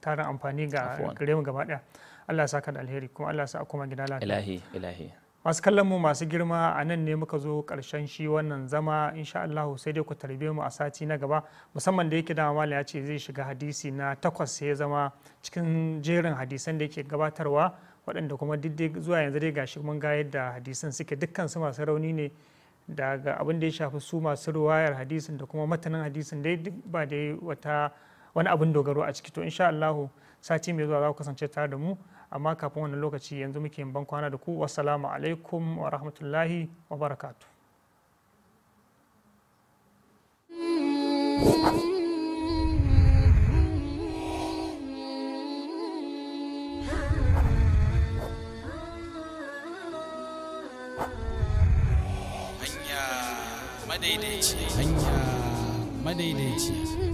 tare amfani ga gare mu gaba daya Allah ya saka da alheri kuma Allah ya sa a koma gida lafiya ilahi ilahi masu kallon mu masu girma a nan ne muka zo karshen shi wannan zama insha Allah sai dai ku tarbe mu a sati na gaba musamman da yake da mala ya ce zai shiga hadisi na takwas sai ya zama cikin jerin hadisan da yake gabatarwa waɗanda kuma duk zuwa yanzu dai gashi mun ga yadda hadisan suke dukkan su masu rauni ne daga abin da ya shafi su masu ruwayar hadisin da kuma matanin hadisin dai duk ba dai wata wani abin dogaro a ciki to insha Allah sati mai zuwa za ku kasance tare da mu amma kafin wannan lokaci yanzu muke ban kwana da ku wassalamu alaikum wa rahmatullahi wa barakatu madaidaici hanya madaidaici